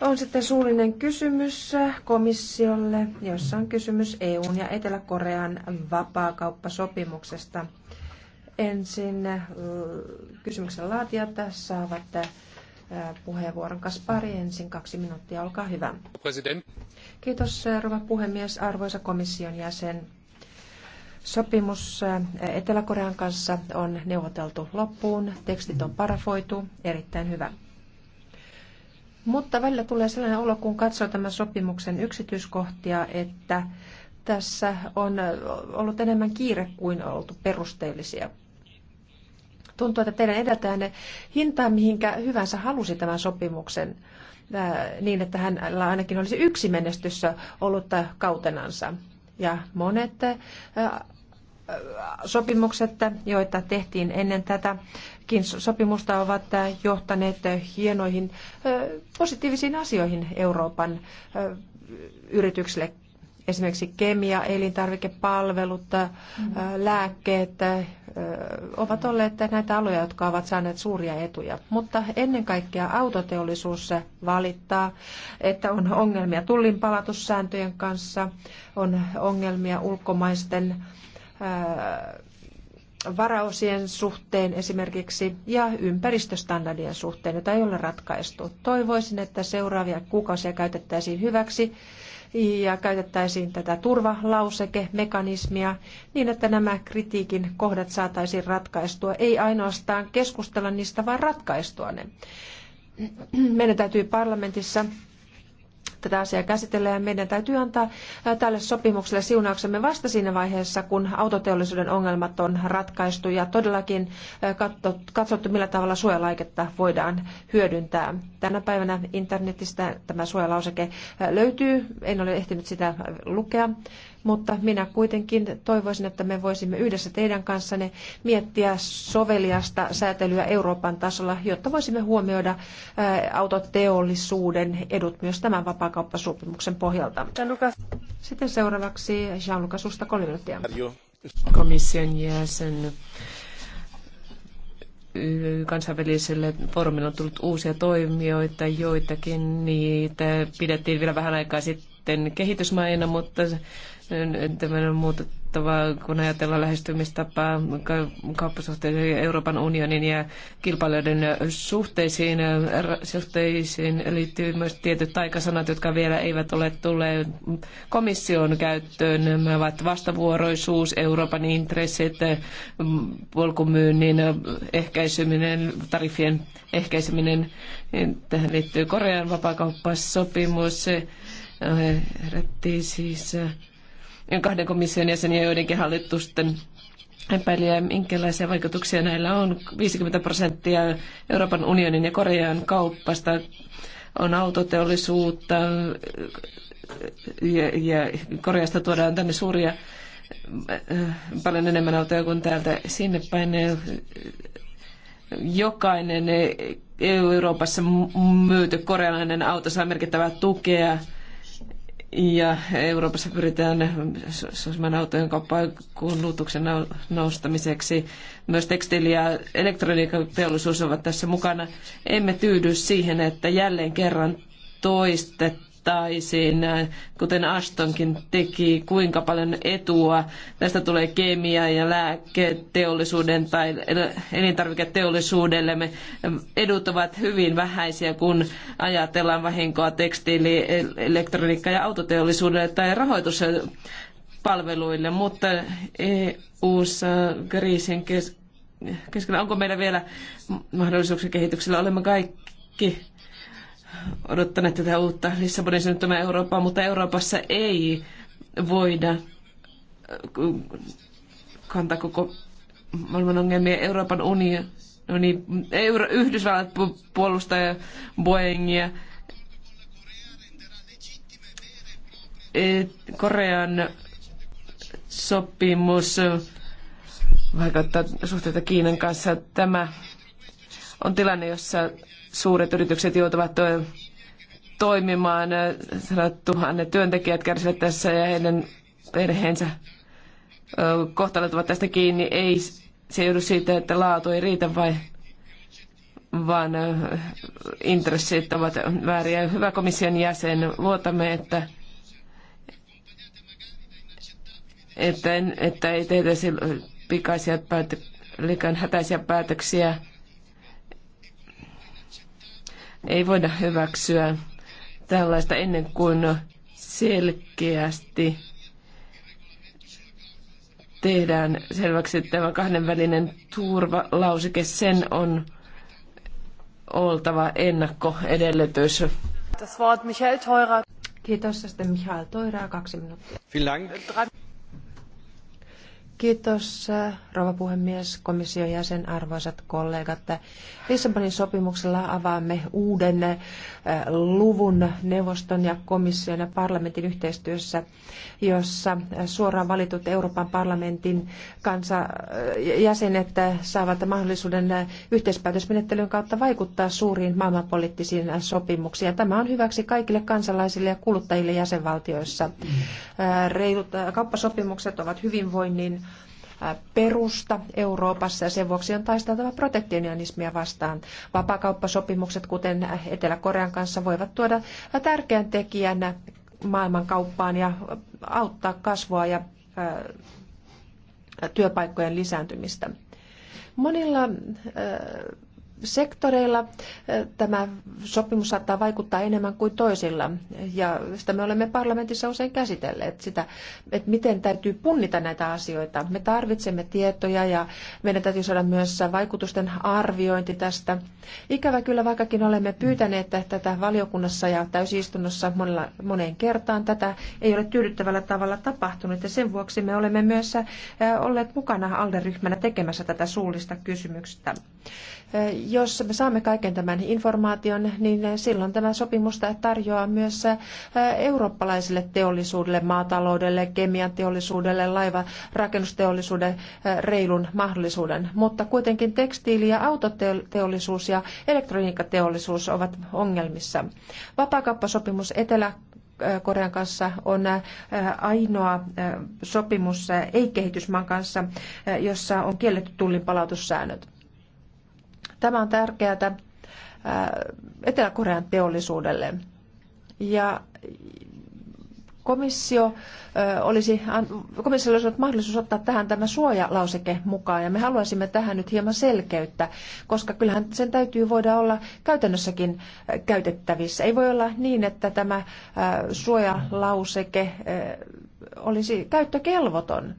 On sitten suullinen kysymys komissiolle, jossa on kysymys EUn ja Etelä-Korean vapaakauppasopimuksesta. Ensin äh, kysymyksen laatijat saavat äh, puheenvuoron. Kaspari ensin kaksi minuuttia, olkaa hyvä. President. Kiitos äh, rouva puhemies, arvoisa komission jäsen. Sopimus Etelä-Korean kanssa on neuvoteltu loppuun, tekstit on parafoitu, erittäin hyvä. Mutta välillä tulee sellainen olo, kun katsoo tämän sopimuksen yksityiskohtia, että tässä on ollut enemmän kiire kuin oltu perusteellisia. Tuntuu, että teidän edeltäjänne hintaa mihinkä hyvänsä halusi tämän sopimuksen niin, että hänellä ainakin olisi yksi menestyssä ollut kautenansa. Ja monet sopimukset, joita tehtiin ennen tätä, sopimusta ovat johtaneet hienoihin positiivisiin asioihin Euroopan yrityksille. Esimerkiksi kemia, elintarvikepalvelut, mm-hmm. lääkkeet ovat olleet näitä aloja, jotka ovat saaneet suuria etuja. Mutta ennen kaikkea autoteollisuus valittaa, että on ongelmia tullinpalatussääntöjen kanssa, on ongelmia ulkomaisten varaosien suhteen esimerkiksi ja ympäristöstandardien suhteen, jota ei ole ratkaistu. Toivoisin, että seuraavia kuukausia käytettäisiin hyväksi ja käytettäisiin tätä turvalausekemekanismia niin, että nämä kritiikin kohdat saataisiin ratkaistua. Ei ainoastaan keskustella niistä, vaan ratkaistua ne. Meidän täytyy parlamentissa tätä asiaa käsitellä ja meidän täytyy antaa tälle sopimukselle siunauksemme vasta siinä vaiheessa, kun autoteollisuuden ongelmat on ratkaistu ja todellakin katsottu, millä tavalla suojalaiketta voidaan hyödyntää. Tänä päivänä internetistä tämä suojalauseke löytyy. En ole ehtinyt sitä lukea mutta minä kuitenkin toivoisin, että me voisimme yhdessä teidän kanssanne miettiä soveliasta säätelyä Euroopan tasolla, jotta voisimme huomioida autoteollisuuden edut myös tämän vapaakauppasopimuksen pohjalta. Sitten seuraavaksi Jean-Lucas Susta kolme minuuttia. Komission jäsen kansainväliselle foorumille on tullut uusia toimijoita, joitakin niitä pidettiin vielä vähän aikaa sitten sitten kehitysmaina, mutta tämä on muutettava, kun ajatellaan lähestymistapaa kauppasuhteisiin Euroopan unionin ja kilpailijoiden suhteisiin. Suhteisiin liittyy myös tietyt aikasanat, jotka vielä eivät ole tulleet komission käyttöön. Nämä ovat vastavuoroisuus, Euroopan intressit, polkumyynnin ehkäiseminen, tariffien ehkäiseminen. Tähän liittyy Korean vapaakauppasopimus. sopimus herätti siis eh, kahden komission jäseniä joidenkin hallitusten epäilyjä, minkälaisia vaikutuksia näillä on. 50 prosenttia Euroopan unionin ja Korean kauppasta on autoteollisuutta eh, ja, ja Koreasta tuodaan tänne suuria eh, paljon enemmän autoja kuin täältä sinne päin. Jokainen Euroopassa myyty korealainen auto saa merkittävää tukea ja Euroopassa pyritään sosiaalisen autojen kauppaan kulutuksen noustamiseksi, Myös tekstiili- ja elektroniikkateollisuus ovat tässä mukana. Emme tyydy siihen, että jälleen kerran toistetaan katsottaisiin, kuten Astonkin teki, kuinka paljon etua tästä tulee kemia- ja lääketeollisuuden tai elintarviketeollisuudellemme. Edut ovat hyvin vähäisiä, kun ajatellaan vahinkoa tekstiili-, elektroniikka- ja autoteollisuudelle tai rahoitus palveluille, mutta EU-ssa kriisin keskellä, onko meillä vielä mahdollisuuksia kehityksellä? Olemme kaikki odottaneet tätä uutta Lissabonin syntymää Eurooppaa, mutta Euroopassa ei voida äh, kantaa koko maailman ongelmia. Euroopan unioni, Euro, Yhdysvallat puolustaa Boeingia. Korean sopimus vaikuttaa suhteita Kiinan kanssa. Tämä on tilanne, jossa suuret yritykset joutuvat toimimaan, sadat tuhannet työntekijät kärsivät tässä ja heidän perheensä kohtalot ovat tästä kiinni. Ei se joudu siitä, että laatu ei riitä vai vaan intressit ovat vääriä. Hyvä komission jäsen, luotamme, että, että, että ei tehdä pikaisia päätöksiä, hätäisiä päätöksiä ei voida hyväksyä tällaista ennen kuin selkeästi tehdään selväksi että tämä kahdenvälinen turvalauseke. Sen on oltava ennakkoedellytys. Das Wort Michael Teurer. Kiitos. Sitten Michael Teurer, kaksi minuuttia. Vielen Dank. Kiitos, rouva puhemies, komission jäsen, arvoisat kollegat. Lissabonin sopimuksella avaamme uuden eh, luvun neuvoston ja komission ja parlamentin yhteistyössä, jossa suoraan valitut Euroopan parlamentin kansa, eh, jäsenet eh, saavat mahdollisuuden yhteispäätösmenettelyn kautta vaikuttaa suuriin maailmanpoliittisiin sopimuksiin. Tämä on hyväksi kaikille kansalaisille ja kuluttajille jäsenvaltioissa. Reilut kauppasopimukset ovat hyvinvoinnin perusta Euroopassa ja sen vuoksi on taisteltava protektionismia vastaan. Vapaakauppasopimukset, kuten Etelä-Korean kanssa, voivat tuoda tärkeän tekijän maailmankauppaan ja auttaa kasvua ja työpaikkojen lisääntymistä. Monilla sektoreilla tämä sopimus saattaa vaikuttaa enemmän kuin toisilla. Ja sitä me olemme parlamentissa usein käsitelleet, sitä, että miten täytyy punnita näitä asioita. Me tarvitsemme tietoja ja meidän täytyy saada myös vaikutusten arviointi tästä. Ikävä kyllä, vaikkakin olemme pyytäneet tätä valiokunnassa ja täysistunnossa monella, moneen kertaan, tätä ei ole tyydyttävällä tavalla tapahtunut. Ja sen vuoksi me olemme myös olleet mukana alderyhmänä tekemässä tätä suullista kysymystä. Jos me saamme kaiken tämän informaation, niin silloin tämä sopimus tarjoaa myös eurooppalaiselle teollisuudelle, maataloudelle, kemian teollisuudelle, laiva, rakennusteollisuuden reilun mahdollisuuden. Mutta kuitenkin tekstiili- ja autoteollisuus ja elektroniikkateollisuus ovat ongelmissa. Vapaakauppasopimus Etelä Korean kanssa on ainoa sopimus ei-kehitysmaan kanssa, jossa on kielletty tullin palautussäännöt. Tämä on tärkeää äh, Etelä-Korean teollisuudelle. Ja komissio äh, olisi, komissio olisi ollut mahdollisuus ottaa tähän tämä suojalauseke mukaan ja me haluaisimme tähän nyt hieman selkeyttä, koska kyllähän sen täytyy voida olla käytännössäkin äh, käytettävissä. Ei voi olla niin, että tämä suojalauseke olisi käyttökelvoton.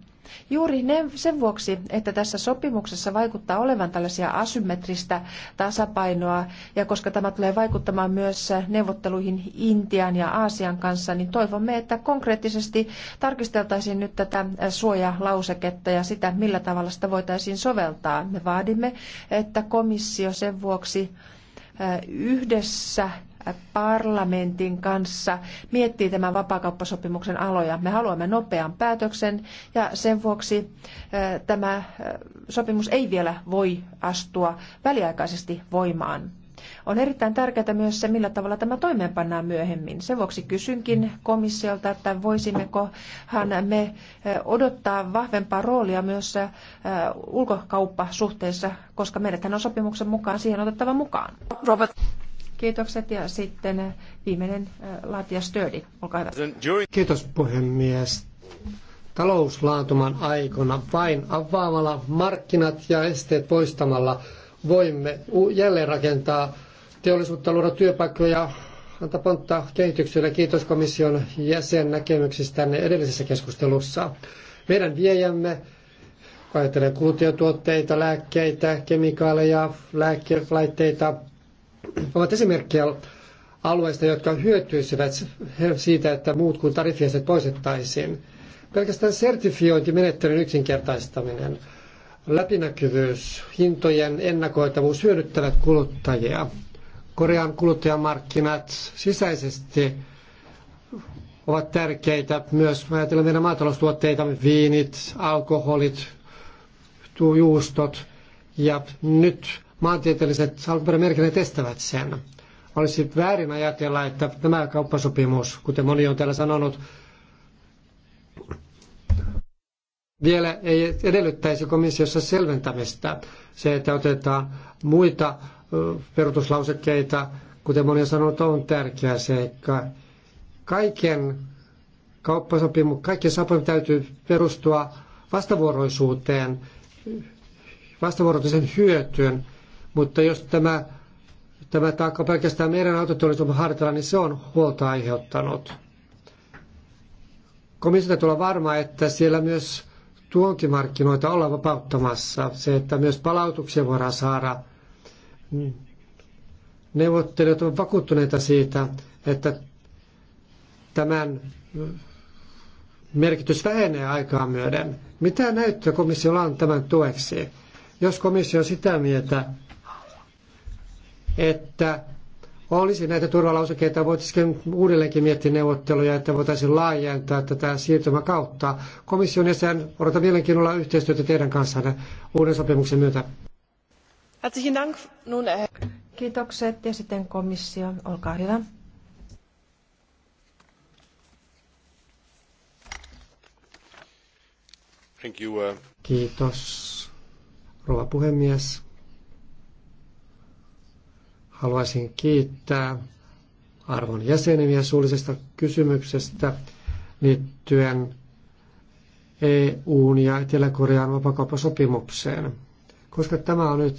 Juuri ne, sen vuoksi, että tässä sopimuksessa vaikuttaa olevan tällaisia asymmetristä tasapainoa, ja koska tämä tulee vaikuttamaan myös neuvotteluihin Intian ja Aasian kanssa, niin toivomme, että konkreettisesti tarkisteltaisiin nyt tätä suojalauseketta ja sitä, millä tavalla sitä voitaisiin soveltaa. Me vaadimme, että komissio sen vuoksi yhdessä parlamentin kanssa miettii tämän vapaakauppasopimuksen aloja. Me haluamme nopean päätöksen ja sen vuoksi tämä sopimus ei vielä voi astua väliaikaisesti voimaan. On erittäin tärkeää myös se, millä tavalla tämä toimeenpannaan myöhemmin. Sen vuoksi kysynkin komissiolta, että voisimmekohan me odottaa vahvempaa roolia myös ulkokauppasuhteissa, koska meidäthän on sopimuksen mukaan siihen otettava mukaan. Robert. Kiitokset ja sitten äh, viimeinen äh, Latja Stördi, olkaa hyvä. Kiitos puhemies. Talouslaantuman aikana vain avaamalla markkinat ja esteet poistamalla voimme jälleen rakentaa teollisuutta, luoda työpaikkoja, antaa pontta kehitykselle. Kiitos komission jäsen tänne edellisessä keskustelussa. Meidän viejämme ajattelee kuluttajatuotteita, lääkkeitä, kemikaaleja, lääkelaitteita, ovat esimerkkejä alueista, jotka hyötyisivät siitä, että muut kuin tarifiaset poistettaisiin. Pelkästään sertifiointimenettelyn yksinkertaistaminen, läpinäkyvyys, hintojen ennakoitavuus hyödyttävät kuluttajia. Korean kuluttajamarkkinat sisäisesti ovat tärkeitä myös, ajatellaan meidän maataloustuotteita, viinit, alkoholit, juustot. Ja nyt maantieteelliset alkuperämerkinnät estävät sen. Olisi väärin ajatella, että tämä kauppasopimus, kuten moni on täällä sanonut, vielä ei edellyttäisi komissiossa selventämistä. Se, että otetaan muita perustuslausekkeita, kuten moni on sanonut, on tärkeä seikka. Kaiken kauppasopimus, kaiken sopimus täytyy perustua vastavuoroisuuteen, vastavuoroisen hyötyyn. Mutta jos tämä, tämä taakka pelkästään meidän autoteollisuuden hartalla, niin se on huolta aiheuttanut. Komissio tulee varma, että siellä myös tuontimarkkinoita ollaan vapauttamassa. Se, että myös palautuksia voidaan saada. Neuvottelijat ovat vakuuttuneita siitä, että tämän merkitys vähenee aikaa myöden. Mitä näyttöä komissiolla on tämän tueksi? Jos komissio on sitä mieltä, että olisi näitä turvalausekkeita, voitaisiin uudelleenkin miettiä neuvotteluja, että voitaisiin laajentaa tätä siirtymäkautta. Komission jäsen, odotan mielenkiinnolla yhteistyötä teidän kanssa uuden sopimuksen myötä. Kiitokset ja sitten komissio, olkaa hyvä. Thank you, uh, Kiitos, rouva puhemies. Haluaisin kiittää arvon jäseniä suullisesta kysymyksestä liittyen EUn ja Etelä-Korean vapakauppasopimukseen. Koska tämä on nyt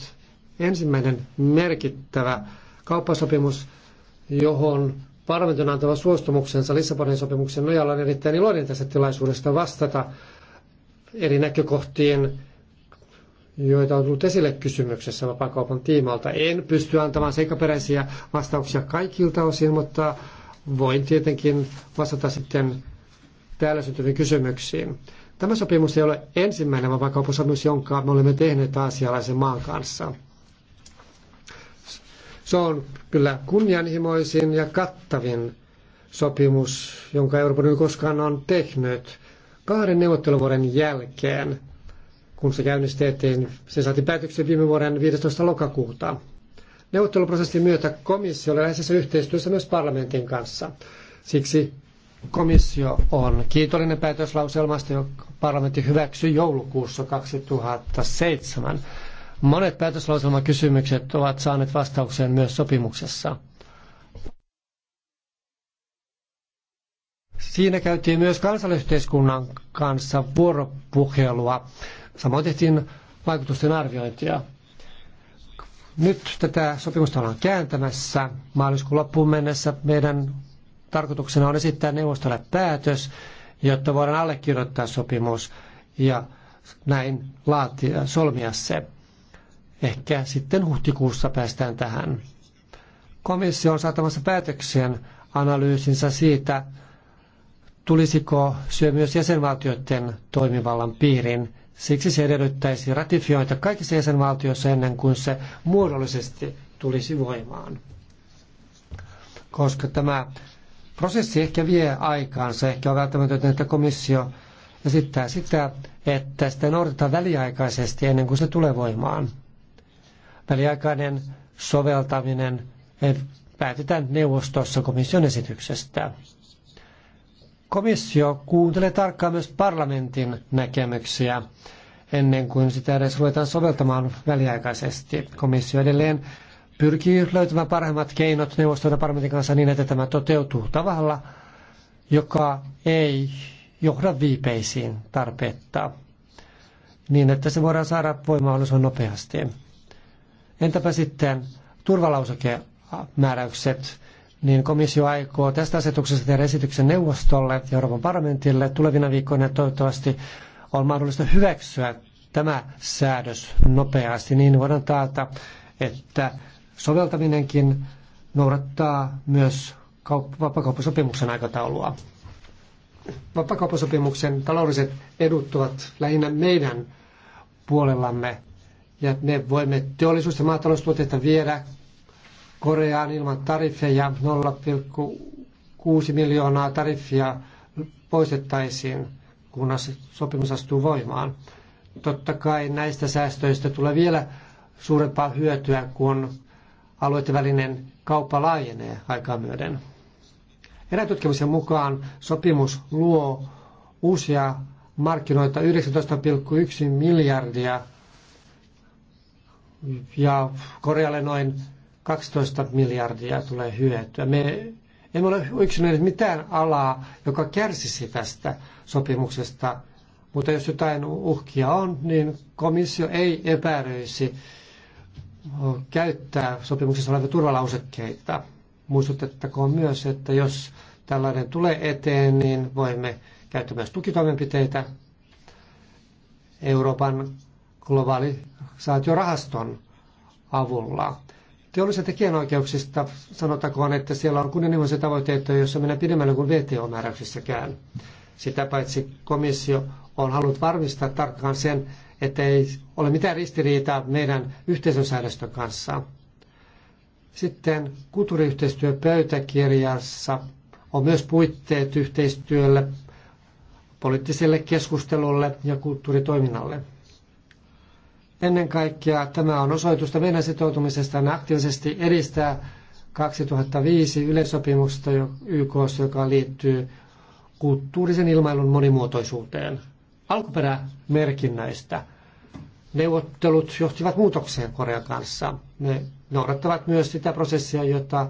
ensimmäinen merkittävä kauppasopimus, johon parlamentti on antava suostumuksensa Lissabonin sopimuksen nojalla, on erittäin iloinen tästä tilaisuudesta vastata eri näkökohtien joita on tullut esille kysymyksessä vapaakaupan tiimalta. En pysty antamaan seikkaperäisiä vastauksia kaikilta osin, mutta voin tietenkin vastata sitten täällä syntyviin kysymyksiin. Tämä sopimus ei ole ensimmäinen vapaakauppasopimus, jonka me olemme tehneet aasialaisen maan kanssa. Se on kyllä kunnianhimoisin ja kattavin sopimus, jonka Euroopan unioni koskaan on tehnyt kahden neuvotteluvuoden jälkeen – kun se käynnistettiin. Se saatiin päätöksen viime vuoden 15. lokakuuta. Neuvotteluprosessin myötä komissio oli läheisessä yhteistyössä myös parlamentin kanssa. Siksi komissio on kiitollinen päätöslauselmasta, joka parlamentti hyväksyi joulukuussa 2007. Monet päätöslauselmakysymykset ovat saaneet vastauksen myös sopimuksessa. Siinä käytiin myös kansallisyhteiskunnan kanssa vuoropuhelua Samoin tehtiin vaikutusten arviointia. Nyt tätä sopimusta ollaan kääntämässä. Maaliskuun loppuun mennessä meidän tarkoituksena on esittää neuvostolle päätös, jotta voidaan allekirjoittaa sopimus ja näin laatia, solmia se. Ehkä sitten huhtikuussa päästään tähän. Komissio on saattamassa päätöksen analyysinsä siitä, tulisiko syö myös jäsenvaltioiden toimivallan piirin Siksi se edellyttäisi ratifioita kaikissa jäsenvaltioissa ennen kuin se muodollisesti tulisi voimaan. Koska tämä prosessi ehkä vie aikaansa, ehkä on välttämätöntä, että komissio esittää sitä, että sitä noudatetaan väliaikaisesti ennen kuin se tulee voimaan. Väliaikainen soveltaminen eh, päätetään neuvostossa komission esityksestä komissio kuuntelee tarkkaan myös parlamentin näkemyksiä ennen kuin sitä edes ruvetaan soveltamaan väliaikaisesti. Komissio edelleen pyrkii löytämään parhaimmat keinot neuvoston ja parlamentin kanssa niin, että tämä toteutuu tavalla, joka ei johda viipeisiin tarpeetta, niin että se voidaan saada voimaan mahdollisimman nopeasti. Entäpä sitten turvalausekemääräykset, niin komissio aikoo tästä asetuksesta tehdä esityksen neuvostolle ja Euroopan parlamentille tulevina viikkoina toivottavasti on mahdollista hyväksyä tämä säädös nopeasti, niin voidaan taata, että soveltaminenkin noudattaa myös vapakauppasopimuksen aikataulua. Vapakauppasopimuksen taloudelliset edut ovat lähinnä meidän puolellamme, ja me voimme teollisuus- ja maataloustuotteita viedä Koreaan ilman tariffeja 0,6 miljoonaa tariffia poistettaisiin, kunnes sopimus astuu voimaan. Totta kai näistä säästöistä tulee vielä suurempaa hyötyä, kun alueiden välinen kauppa laajenee aikaa myöden. Erätutkimuksen mukaan sopimus luo uusia markkinoita 19,1 miljardia ja Korealle noin 12 miljardia tulee hyötyä. Me emme ole yksilöineet mitään alaa, joka kärsisi tästä sopimuksesta, mutta jos jotain uhkia on, niin komissio ei epäröisi käyttää sopimuksessa olevia turvalausekkeita. Muistutettakoon myös, että jos tällainen tulee eteen, niin voimme käyttää myös tukitoimenpiteitä Euroopan globaalisaatiorahaston avulla. Teollis- tekijänoikeuksista sanotakoon, että siellä on kunnianhimoisia tavoitteita, joissa mennään pidemmälle kuin VTO-määräyksissäkään. Sitä paitsi komissio on halunnut varmistaa tarkkaan sen, että ei ole mitään ristiriitaa meidän yhteisön säädöstön kanssa. Sitten kulttuuriyhteistyöpöytäkirjassa on myös puitteet yhteistyölle, poliittiselle keskustelulle ja kulttuuritoiminnalle. Ennen kaikkea tämä on osoitusta meidän sitoutumisesta aktiivisesti edistää 2005 yleissopimusta YK, joka liittyy kulttuurisen ilmailun monimuotoisuuteen. Alkuperämerkinnöistä neuvottelut johtivat muutokseen Korean kanssa. Ne noudattavat myös sitä prosessia, jota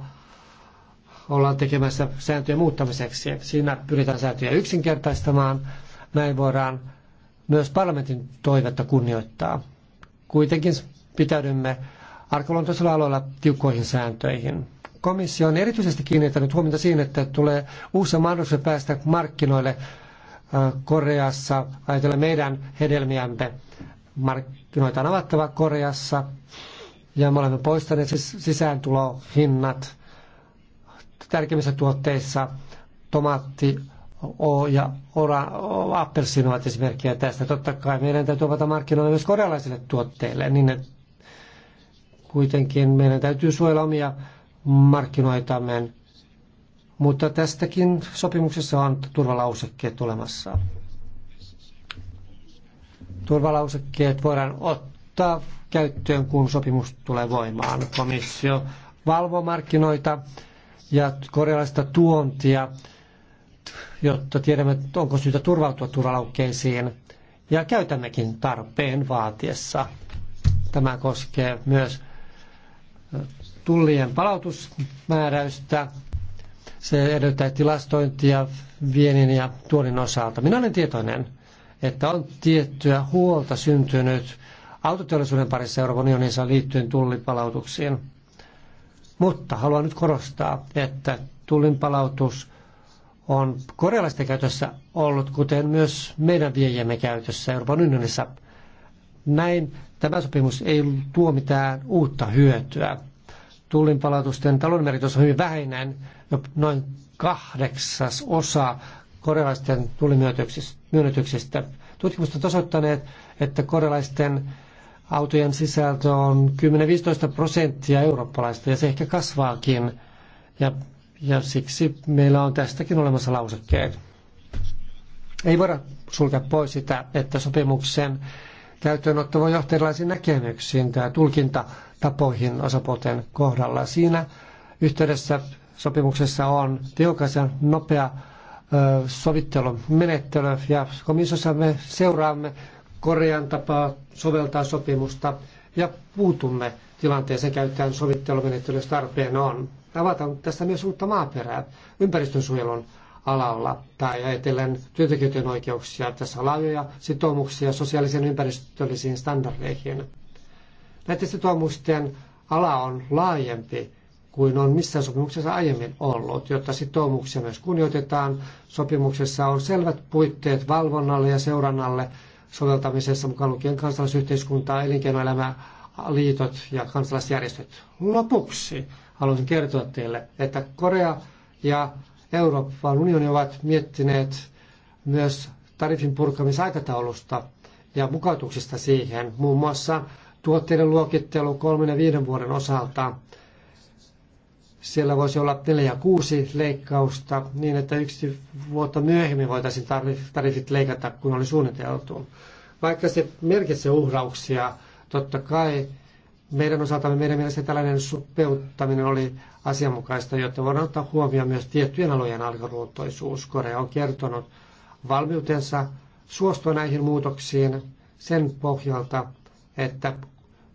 ollaan tekemässä sääntöjen muuttamiseksi. Siinä pyritään sääntöjä yksinkertaistamaan. Näin voidaan myös parlamentin toivetta kunnioittaa kuitenkin pitäydymme arkaluontoisilla aloilla tiukkoihin sääntöihin. Komissio on erityisesti kiinnittänyt huomiota siihen, että tulee uusi mahdollisuus päästä markkinoille äh, Koreassa, ajatellen meidän hedelmiämme. Markkinoita on avattava Koreassa ja me olemme poistaneet siis sisääntulohinnat tärkeimmissä tuotteissa, tomaatti, ja ora, o, appelsin ovat esimerkkejä tästä. Totta kai meidän täytyy avata markkinoille myös korealaisille tuotteille, niin että kuitenkin meidän täytyy suojella omia markkinoitamme. Mutta tästäkin sopimuksessa on turvalausekkeet olemassa. Turvalausekkeet voidaan ottaa käyttöön, kun sopimus tulee voimaan. Komissio valvoo markkinoita ja korealaista tuontia jotta tiedämme, onko syytä turvautua turvalaukkeisiin ja käytämmekin tarpeen vaatiessa. Tämä koskee myös tullien palautusmääräystä. Se edellyttää tilastointia vienin ja tuonin osalta. Minä olen tietoinen, että on tiettyä huolta syntynyt autoteollisuuden parissa Euroopan unionissa liittyen tullipalautuksiin. Mutta haluan nyt korostaa, että tullin palautus on korealaisten käytössä ollut, kuten myös meidän viejämme käytössä Euroopan unionissa. Näin tämä sopimus ei tuo mitään uutta hyötyä. Tullin palautusten talouden merkitys on hyvin vähäinen, noin kahdeksas osa korealaisten tullimyönnytyksistä. Tutkimukset ovat osoittaneet, että korealaisten autojen sisältö on 10-15 prosenttia eurooppalaista ja se ehkä kasvaakin. Ja ja siksi meillä on tästäkin olemassa lausekkeet. Ei voida sulkea pois sitä, että sopimuksen käyttöönotto voi johtaa erilaisiin näkemyksiin tai tulkintatapoihin osapuolten kohdalla. Siinä yhteydessä sopimuksessa on tiukas ja nopea sovittelumenettely ja komissiossa me seuraamme Korean tapaa soveltaa sopimusta ja puutumme tilanteeseen käyttäen sovittelumenettelyä, jos tarpeen on avataan tässä myös uutta maaperää ympäristönsuojelun alalla tai ajatellen työntekijöiden oikeuksia. Tässä on laajoja sitoumuksia sosiaalisiin ympäristöllisiin standardeihin. Näiden sitoumusten ala on laajempi kuin on missään sopimuksessa aiemmin ollut, jotta sitoumuksia myös kunnioitetaan. Sopimuksessa on selvät puitteet valvonnalle ja seurannalle soveltamisessa mukaan lukien kansalaisyhteiskuntaa, elinkeinoelämää, liitot ja kansalaisjärjestöt. Lopuksi haluaisin kertoa teille, että Korea ja Euroopan unioni ovat miettineet myös tarifin purkamisaikataulusta ja mukautuksista siihen, muun muassa tuotteiden luokittelu kolmen ja viiden vuoden osalta. Siellä voisi olla 4 ja 6 leikkausta niin, että yksi vuotta myöhemmin voitaisiin tarifit leikata, kun oli suunniteltu. Vaikka se merkitsee uhrauksia, totta kai meidän osaltamme meidän mielestä tällainen supeuttaminen oli asianmukaista, jotta voidaan ottaa huomioon myös tiettyjen alojen alkaluontoisuus. Korea on kertonut valmiutensa suostua näihin muutoksiin sen pohjalta, että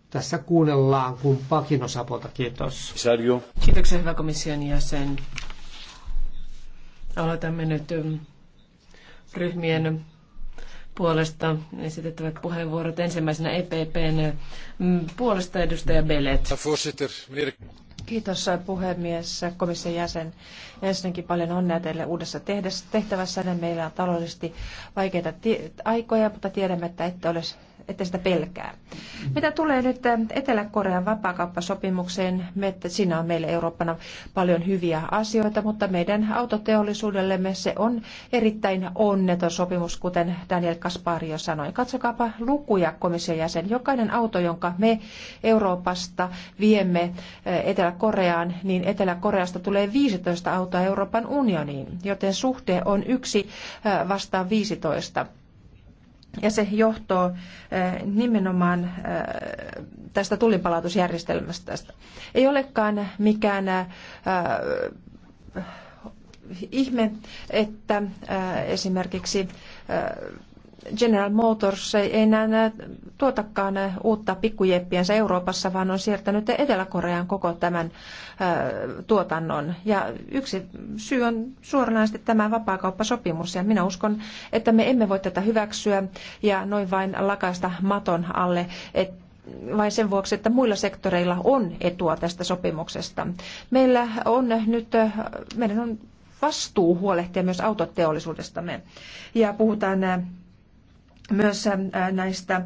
tässä kuunnellaan kumpaakin osapuolta. Kiitos. Sergio. Kiitoksia hyvä komission jäsen. Aloitamme nyt mm, ryhmien puolesta esitettävät puheenvuorot. Ensimmäisenä EPPn mm, puolesta edustaja Belet. Kiitos äh, puhemies, äh, komission jäsen. Ensinnäkin paljon onnea teille uudessa tehtävässä. Meillä on taloudellisesti vaikeita aikoja, mutta tiedämme, että ette ole että sitä pelkää. Mitä tulee nyt äh, Etelä-Korean vapaakauppasopimukseen, me, siinä on meille Eurooppana paljon hyviä asioita, mutta meidän autoteollisuudellemme se on erittäin onneton sopimus, kuten Daniel Kaspari jo sanoi. Katsokaapa lukuja komission jäsen. Jokainen auto, jonka me Euroopasta viemme äh, Etelä-Koreaan, niin Etelä-Koreasta tulee 15 autoa Euroopan unioniin, joten suhde on yksi äh, vastaan 15. Ja se johtuu äh, nimenomaan äh, tästä tulinpalautusjärjestelmästä. Ei olekaan mikään äh, ihme, että esimerkiksi General Motors ei enää tuotakaan uutta pikkujeppiänsä Euroopassa, vaan on siirtänyt Etelä-Koreaan koko tämän tuotannon. Ja yksi syy on suoranaisesti tämä vapaakauppasopimus, ja minä uskon, että me emme voi tätä hyväksyä ja noin vain lakaista maton alle, että vain sen vuoksi, että muilla sektoreilla on etua tästä sopimuksesta. Meillä on nyt, meidän on vastuu huolehtia myös autoteollisuudestamme. Ja puhutaan myös näistä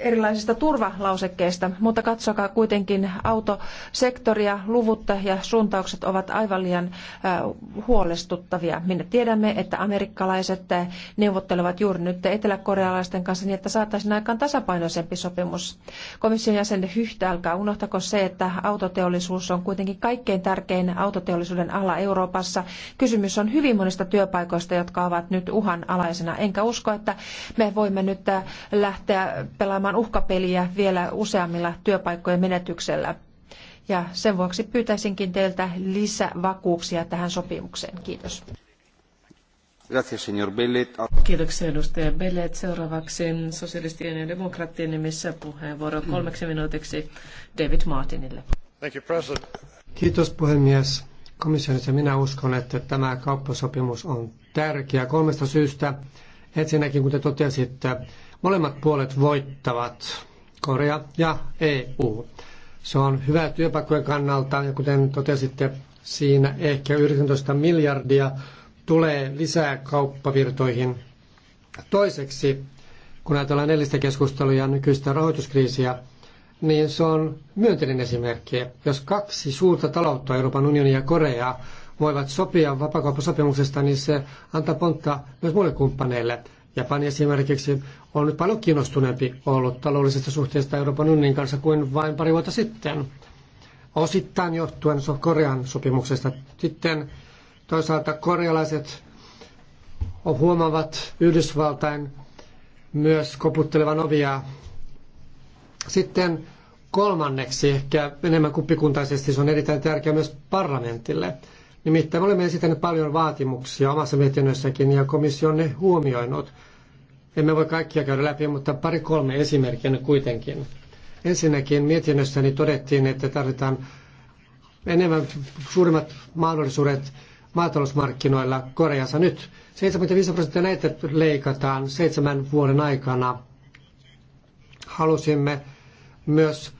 erilaisista turvalausekkeista, mutta katsokaa kuitenkin autosektoria, luvut ja suuntaukset ovat aivan liian huolestuttavia. Minä tiedämme, että amerikkalaiset neuvottelevat juuri nyt eteläkorealaisten kanssa niin, että saataisiin aikaan tasapainoisempi sopimus. Komission jäsen Hyhtä, älkää unohtako se, että autoteollisuus on kuitenkin kaikkein tärkein autoteollisuuden ala Euroopassa. Kysymys on hyvin monista työpaikoista, jotka ovat nyt uhanalaisena. Enkä usko, että me voimme nyt lähteä pelaamaan uhkapeliä vielä useammilla työpaikkojen menetyksellä. Ja sen vuoksi pyytäisinkin teiltä lisävakuuksia tähän sopimukseen. Kiitos. Kiitoksia edustaja Bellet. Seuraavaksi sosialistien ja demokraattien nimissä puheenvuoro hmm. kolmeksi minuutiksi David Martinille. Thank you, President. Kiitos puhemies. Komissionissa minä uskon, että tämä kauppasopimus on tärkeä kolmesta syystä. Ensinnäkin, kuten totesit, että Molemmat puolet voittavat, Korea ja EU. Se on hyvä työpaikkojen kannalta ja kuten totesitte, siinä ehkä 19 miljardia tulee lisää kauppavirtoihin. Toiseksi, kun ajatellaan edellistä keskustelua ja nykyistä rahoituskriisiä, niin se on myönteinen esimerkki. Jos kaksi suurta taloutta, Euroopan unioni ja Korea, voivat sopia vapakauppasopimuksesta, niin se antaa pontta myös muille kumppaneille. Japani esimerkiksi on nyt paljon kiinnostuneempi ollut taloudellisesta suhteesta Euroopan unionin kanssa kuin vain pari vuotta sitten. Osittain johtuen Korean sopimuksesta. Sitten toisaalta korealaiset huomaavat Yhdysvaltain myös koputtelevan ovia. Sitten kolmanneksi ehkä enemmän kuppikuntaisesti se on erittäin tärkeää myös parlamentille – Nimittäin olemme esittäneet paljon vaatimuksia omassa mietinnössäkin ja komissio on ne huomioinut. Emme voi kaikkia käydä läpi, mutta pari-kolme esimerkkiä kuitenkin. Ensinnäkin mietinnössäni todettiin, että tarvitaan enemmän suurimmat mahdollisuudet maatalousmarkkinoilla Koreassa. Nyt 75 prosenttia näitä leikataan seitsemän vuoden aikana. Halusimme myös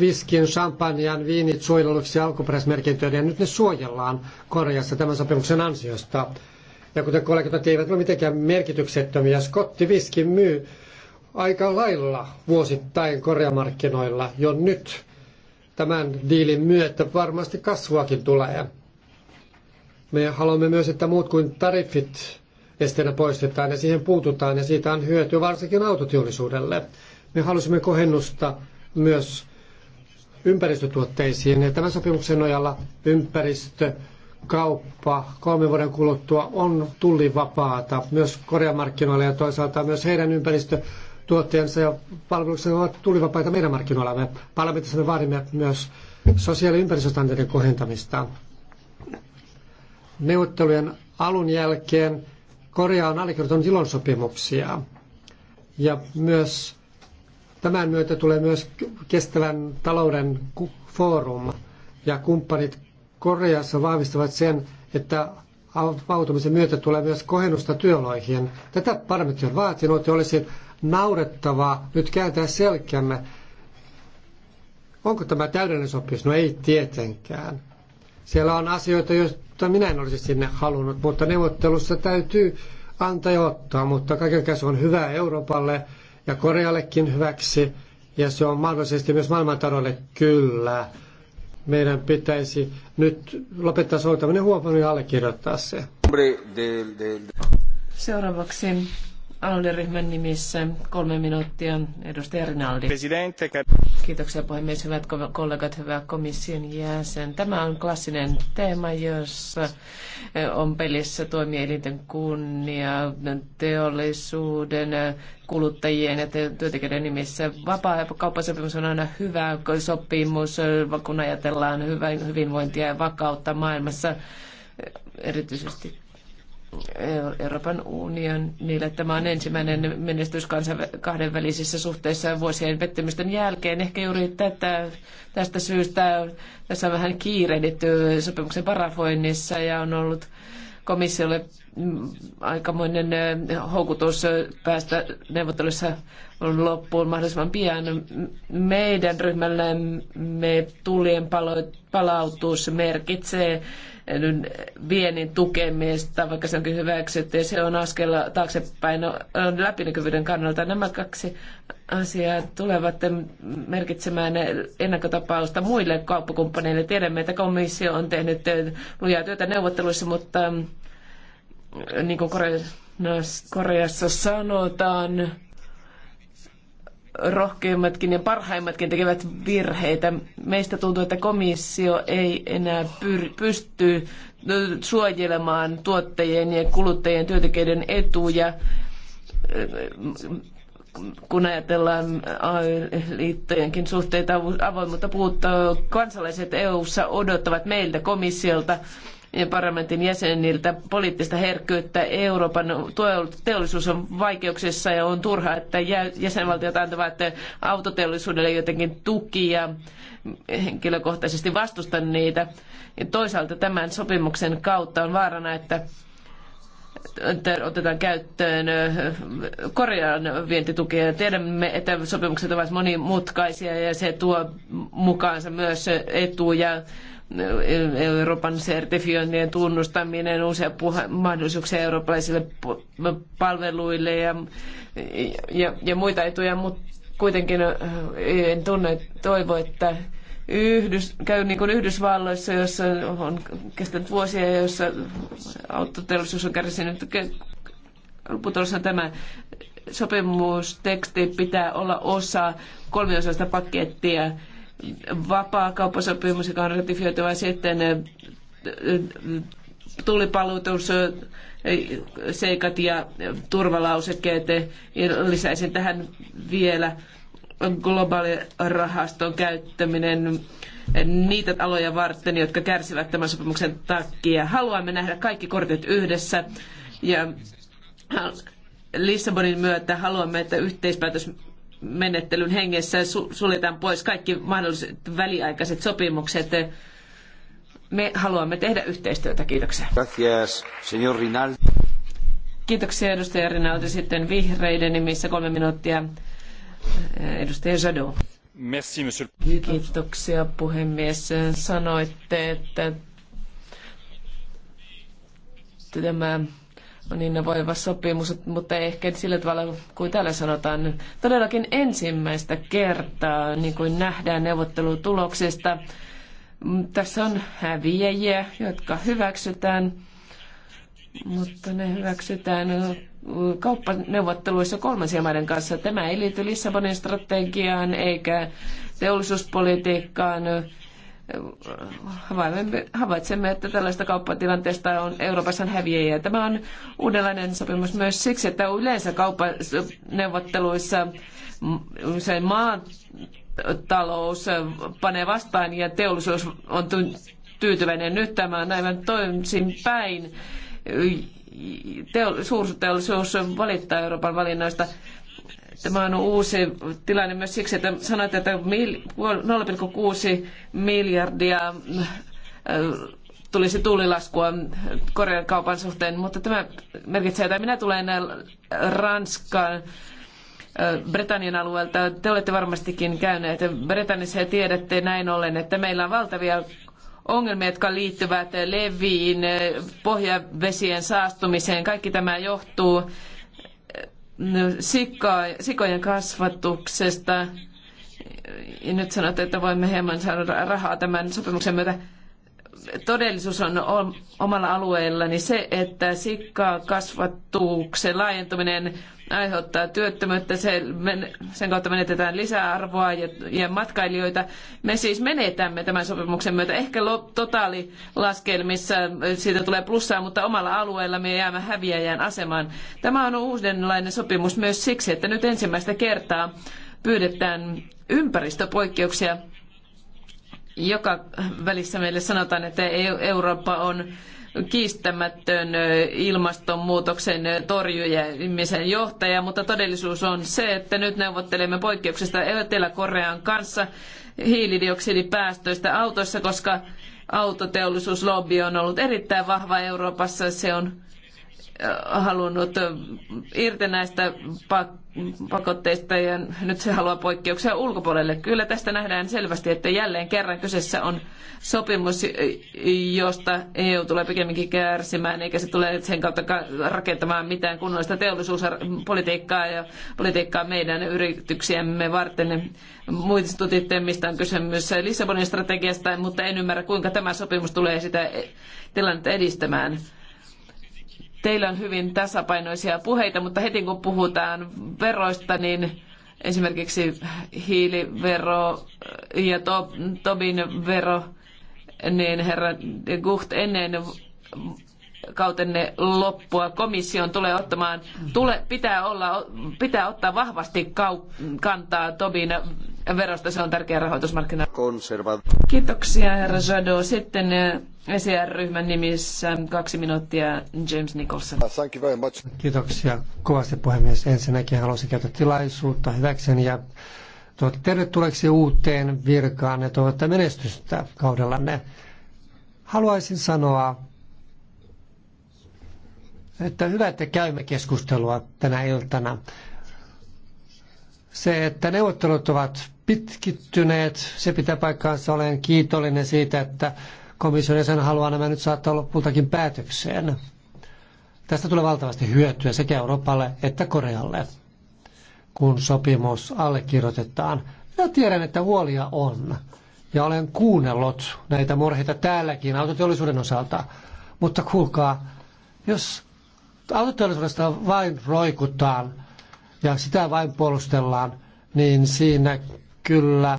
viskin, champanjan, viinit suojeluksi ja alkuperäismerkintöiden, ja nyt ne suojellaan Koreassa tämän sopimuksen ansiosta. Ja kuten kollegat eivät ole mitenkään merkityksettömiä, Skotti viski myy aika lailla vuosittain Koreamarkkinoilla jo nyt tämän diilin myötä varmasti kasvuakin tulee. Me haluamme myös, että muut kuin tariffit esteenä poistetaan ja siihen puututaan ja siitä on hyötyä varsinkin autotiollisuudelle. Me halusimme kohennusta myös ympäristötuotteisiin. Ja tämän sopimuksen nojalla ympäristökauppa kolmen vuoden kuluttua on tullivapaata myös Korean markkinoilla ja toisaalta myös heidän ympäristötuotteensa ja palveluksensa ovat tullivapaita meidän markkinoillamme. Parlamentissa me vaadimme myös sosiaali- ja ympäristöstandardien kohentamista. Neuvottelujen alun jälkeen Korea on allekirjoittanut ilon sopimuksia ja myös Tämän myötä tulee myös kestävän talouden foorum ja kumppanit Koreassa vahvistavat sen, että avautumisen myötä tulee myös kohennusta työoloihin. Tätä parlamentti on vaatinut ja olisi naurettavaa nyt kääntää selkeämme. Onko tämä täydellinen sopimus? No ei tietenkään. Siellä on asioita, joista minä en olisi sinne halunnut, mutta neuvottelussa täytyy antaa ja ottaa, mutta kaiken on hyvä Euroopalle ja Koreallekin hyväksi, ja se on mahdollisesti myös maailmantaloudelle kyllä. Meidän pitäisi nyt lopettaa soittaminen huomioon ja allekirjoittaa se. Seuraavaksi ALDE-ryhmän nimissä kolme minuuttia edustaja Rinaldi. Presidente. Kiitoksia puhemies, hyvät kollegat, hyvä komission jäsen. Tämä on klassinen teema, jossa eh, on pelissä toimielinten kunnia, teollisuuden, eh, kuluttajien ja työntekijöiden nimissä. Vapaa- kauppasopimus on aina hyvä sopimus, eh, kun ajatellaan hyvinvointia ja vakautta maailmassa erityisesti Euroopan unionille. Tämä on ensimmäinen menestys kahdenvälisissä suhteissa vuosien pettymysten jälkeen. Ehkä juuri tätä, tästä syystä tässä on vähän kiirehditty sopimuksen parafoinnissa ja on ollut komissiolle mm, aikamoinen houkutus päästä neuvottelussa on loppuun mahdollisimman pian. Meidän me tulien palautus merkitsee viennin tukemista, vaikka se onkin hyväksytty, ja se on askella taaksepäin On läpinäkyvyyden kannalta. Nämä kaksi asiaa tulevat merkitsemään ennakkotapausta muille kauppakumppaneille. Tiedämme, että komissio on tehnyt lujaa työtä neuvotteluissa, mutta mm, niin kuin Koreassa sanotaan, rohkeimmatkin ja parhaimmatkin tekevät virheitä. Meistä tuntuu, että komissio ei enää pyr- pysty suojelemaan tuottajien ja kuluttajien työntekijöiden etuja, kun ajatellaan liittojenkin suhteita avoimuutta puuttuu. Kansalaiset EU:ssa odottavat meiltä komissiolta parlamentin jäseniltä poliittista herkkyyttä. Euroopan teollisuus on vaikeuksissa ja on turha, että jäsenvaltiot antavat autoteollisuudelle jotenkin tukia. Henkilökohtaisesti vastustan niitä. Toisaalta tämän sopimuksen kautta on vaarana, että otetaan käyttöön Korean vientitukia. Tiedämme, että sopimukset ovat monimutkaisia ja se tuo mukaansa myös etuja Euroopan sertifioinnin tunnustaminen, uusia puha- mahdollisuuksia eurooppalaisille palveluille ja, ja, ja muita etuja, mutta kuitenkin eh, en tunne, toivo, että Yhdys, käy niin kuin Yhdysvalloissa, jossa on kestänyt vuosia ja jossa autoteollisuus on kärsinyt. Lopputulossa tämä sopimusteksti pitää olla osa kolmiosaista pakettia vapaa kauppasopimus, joka on ratifioitu, vaan sitten tulipalautus, seikat ja turvalausekkeet. Lisäisin tähän vielä globaalirahaston käyttäminen niitä aloja varten, jotka kärsivät tämän sopimuksen takia. Haluamme nähdä kaikki kortit yhdessä ja Lissabonin myötä haluamme, että yhteispäätös menettelyn hengessä suljetaan pois kaikki mahdolliset väliaikaiset sopimukset. Me haluamme tehdä yhteistyötä. Kiitoksia. Gracias, señor Rinaldi. Kiitoksia edustaja Rinaldi. Sitten vihreiden nimissä kolme minuuttia. Edustaja Jadot. Merci, monsieur. Kiitoksia puhemies. Sanoitte, että tämä niin voiva sopimus, mutta ehkä sillä tavalla kuin täällä sanotaan. Todellakin ensimmäistä kertaa, niin kuin nähdään neuvottelutuloksesta, tässä on häviäjiä, jotka hyväksytään, mutta ne hyväksytään kauppaneuvotteluissa kolmansien maiden kanssa. Tämä ei liity Lissabonin strategiaan eikä teollisuuspolitiikkaan havaitsemme, että tällaista kauppatilanteesta on Euroopassa häviäjiä. Tämä on uudenlainen sopimus myös siksi, että yleensä kauppaneuvotteluissa usein maatalous panee vastaan ja teollisuus on tyytyväinen. Nyt tämä on aivan toisin päin. Teo, suurteollisuus valittaa Euroopan valinnoista. Tämä on uusi tilanne myös siksi, että sanoitte, että 0,6 miljardia äh, tulisi tuulilaskua Korean kaupan suhteen, mutta tämä merkitsee, että minä tulen äh, Ranskaan äh, Britannian alueelta. Te olette varmastikin käyneet Britannissa ja tiedätte näin ollen, että meillä on valtavia ongelmia, jotka liittyvät leviin, pohjavesien saastumiseen. Kaikki tämä johtuu sikka, sikojen kasvatuksesta. Ja nyt sanotte, että voimme hieman saada rahaa tämän sopimuksen myötä. Todellisuus on omalla alueellani se, että sikkaa kasvatuksen laajentuminen aiheuttaa työttömyyttä, sen kautta menetetään lisäarvoa ja, ja matkailijoita. Me siis menetämme tämän sopimuksen myötä. Ehkä totaalilaskelmissa siitä tulee plussaa, mutta omalla alueella me jäämme häviäjän asemaan. Tämä on uudenlainen sopimus myös siksi, että nyt ensimmäistä kertaa pyydetään ympäristöpoikkeuksia joka välissä meille sanotaan, että e- Eurooppa on kiistämättön ilmastonmuutoksen torjujamisen johtaja, mutta todellisuus on se, että nyt neuvottelemme poikkeuksesta Etelä-Korean kanssa hiilidioksidipäästöistä autoissa, koska autoteollisuuslobby on ollut erittäin vahva Euroopassa. Se on halunnut irti näistä pakotteista ja nyt se haluaa poikkeuksia ulkopuolelle. Kyllä tästä nähdään selvästi, että jälleen kerran kyseessä on sopimus, josta EU tulee pikemminkin kärsimään, eikä se tule sen kautta rakentamaan mitään kunnollista teollisuuspolitiikkaa ja politiikkaa meidän yrityksiämme varten. Muistutitte, mistä on kysymys Lissabonin strategiasta, mutta en ymmärrä, kuinka tämä sopimus tulee sitä e- tilannetta edistämään. Teillä on hyvin tasapainoisia puheita, mutta heti kun puhutaan veroista, niin esimerkiksi hiilivero ja to, Tobin vero, niin herra Gucht, ennen kautenne loppua komission tulee ottamaan, tule, pitää, olla, pitää ottaa vahvasti kau, kantaa Tobin verosta, se on tärkeä rahoitusmarkkina. Konserva- Kiitoksia herra Jado. Sitten ECR-ryhmän nimissä kaksi minuuttia James Nicholson. Uh, thank you very much. Kiitoksia kovasti puhemies. Ensinnäkin haluaisin käyttää tilaisuutta hyväkseni ja toivottaa tervetulleeksi uuteen virkaan ja toivottaa menestystä kaudellanne. Haluaisin sanoa, että hyvä, että käymme keskustelua tänä iltana. Se, että neuvottelut ovat pitkittyneet, se pitää paikkaansa. Olen kiitollinen siitä, että komission jäsen haluaa nämä nyt saattaa lopultakin päätökseen. Tästä tulee valtavasti hyötyä sekä Euroopalle että Korealle, kun sopimus allekirjoitetaan. Ja tiedän, että huolia on, ja olen kuunnellut näitä murheita täälläkin autoteollisuuden osalta. Mutta kuulkaa, jos autoteollisuudesta vain roikutaan ja sitä vain puolustellaan, niin siinä kyllä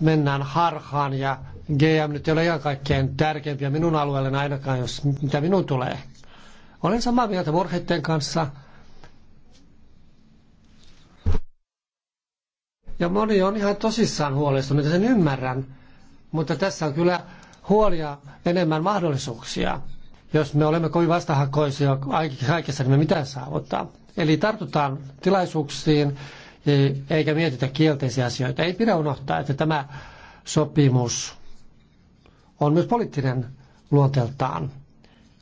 mennään harhaan ja GM nyt ei ole ihan kaikkein tärkeimpiä minun alueelleni ainakaan, jos, mitä minun tulee. Olen samaa mieltä Morhetten kanssa. Ja moni on ihan tosissaan huolestunut, ja sen ymmärrän. Mutta tässä on kyllä huolia enemmän mahdollisuuksia. Jos me olemme kovin vastahakoisia kaikessa, niin me mitään saavuttaa. Eli tartutaan tilaisuuksiin e, eikä mietitä kielteisiä asioita. Ei pidä unohtaa, että tämä sopimus on myös poliittinen luonteeltaan.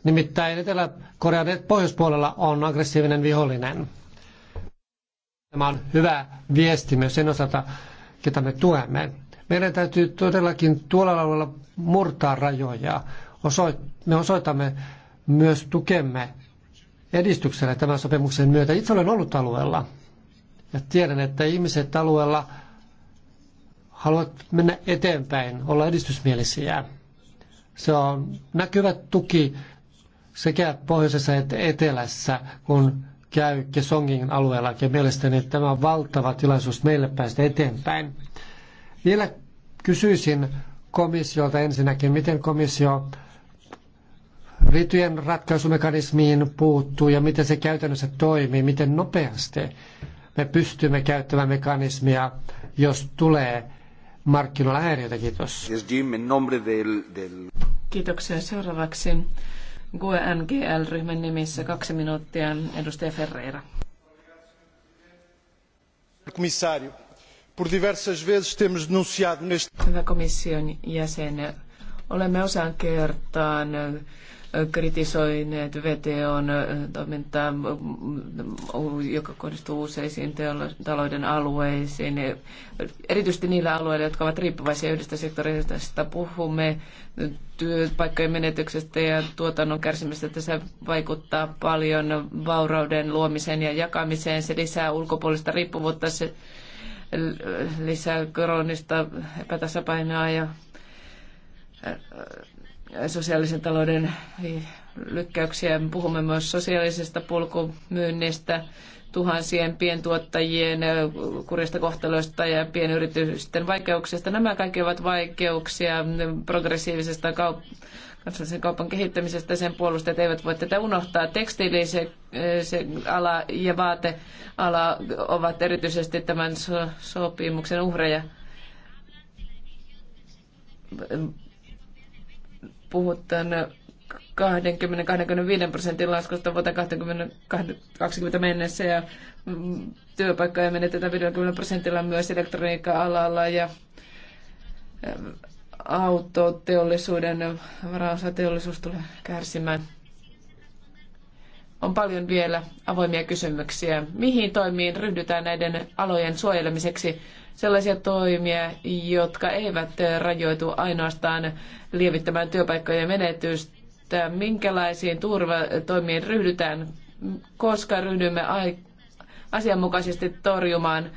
Nimittäin Etelä-Korean pohjoispuolella on aggressiivinen vihollinen. Tämä on hyvä viesti myös sen osalta, ketä me tuemme. Meidän täytyy todellakin tuolla alueella murtaa rajoja. Me osoitamme myös tukemme edistykselle tämän sopimuksen myötä. Itse olen ollut alueella ja tiedän, että ihmiset alueella haluavat mennä eteenpäin, olla edistysmielisiä. Se on näkyvä tuki sekä pohjoisessa että etelässä, kun käy Kesongin alueella. Ja mielestäni tämä on valtava tilaisuus meille päästä eteenpäin. Vielä kysyisin komissiolta ensinnäkin, miten komissio riitojen ratkaisumekanismiin puuttuu ja miten se käytännössä toimii, miten nopeasti me pystymme käyttämään mekanismia, jos tulee markkinoilla häiriötä. Kiitos. Kiitoksia. Seuraavaksi GNGL-ryhmän nimissä kaksi minuuttia edustaja Ferreira. Komissario, por diversas vezes temos denunciado neste... Hyvä komission jäsen, Olemme osan kertaan kritisoineet VTOn toimintaa, joka kohdistuu useisiin talouden alueisiin, erityisesti niillä alueilla, jotka ovat riippuvaisia yhdestä sektorista. Tästä puhumme työpaikkojen menetyksestä ja tuotannon kärsimistä. se vaikuttaa paljon vaurauden luomiseen ja jakamiseen. Se lisää ulkopuolista riippuvuutta, se lisää koronista epätasapainoa ja sosiaalisen talouden lykkäyksiä. Puhumme myös sosiaalisesta polkumyynnistä, tuhansien pientuottajien kurjasta kohtaloista ja pienyritysten vaikeuksista. Nämä kaikki ovat vaikeuksia progressiivisesta kaup- kansallisen kaupan kehittämisestä. Sen puolustajat eivät voi tätä unohtaa. Tekstiili, se, se ala ja vaateala ovat erityisesti tämän so- sopimuksen uhreja puhutaan 20-25 prosentin laskusta vuoteen 2020 mennessä ja mm, työpaikkoja menetetään 50 prosentilla myös elektroniikka-alalla ja autoteollisuuden varaosateollisuus tulee kärsimään. On paljon vielä avoimia kysymyksiä. Mihin toimiin ryhdytään näiden alojen suojelemiseksi? sellaisia toimia, jotka eivät rajoitu ainoastaan lievittämään työpaikkojen menetystä. Minkälaisiin turvatoimiin ryhdytään, koska ryhdymme asianmukaisesti torjumaan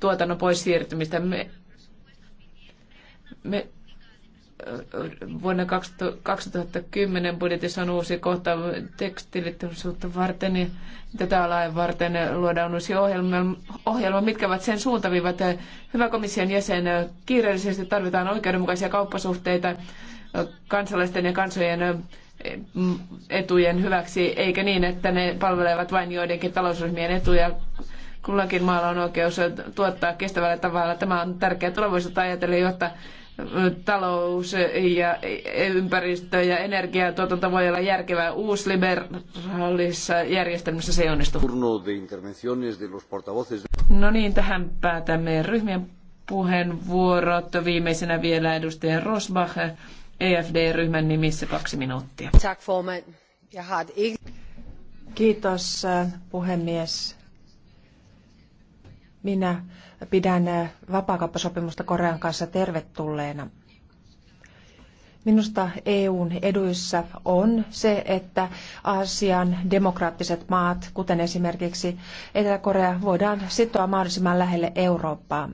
tuotannon pois siirtymistä. Me, me, vuonna 2010 budjetissa on uusi kohta tekstiliteollisuutta varten tätä alaa varten luodaan uusi ohjelma, ohjelma, mitkä ovat sen suuntaviivat. Hyvä komission jäsen, kiireellisesti tarvitaan oikeudenmukaisia kauppasuhteita kansalaisten ja kansojen mm, etujen hyväksi, eikä niin, että ne palvelevat vain joidenkin talousryhmien etuja. Kullakin maalla on oikeus tuottaa kestävällä tavalla. Tämä on tärkeää tulevaisuutta ajatellen, jotta talous ja ympäristö ja energiatuotanto voi olla järkevää uusliberaalissa järjestelmässä se ei onnistu. No niin, tähän päätämme ryhmien puheenvuorot. Viimeisenä vielä edustaja Rosbach, EFD-ryhmän nimissä kaksi minuuttia. Kiitos äh, puhemies. Minä pidän äh, vapaakauppasopimusta Korean kanssa tervetulleena. Minusta EUn eduissa on se, että Aasian demokraattiset maat, kuten esimerkiksi Etelä-Korea, voidaan sitoa mahdollisimman lähelle Eurooppaa.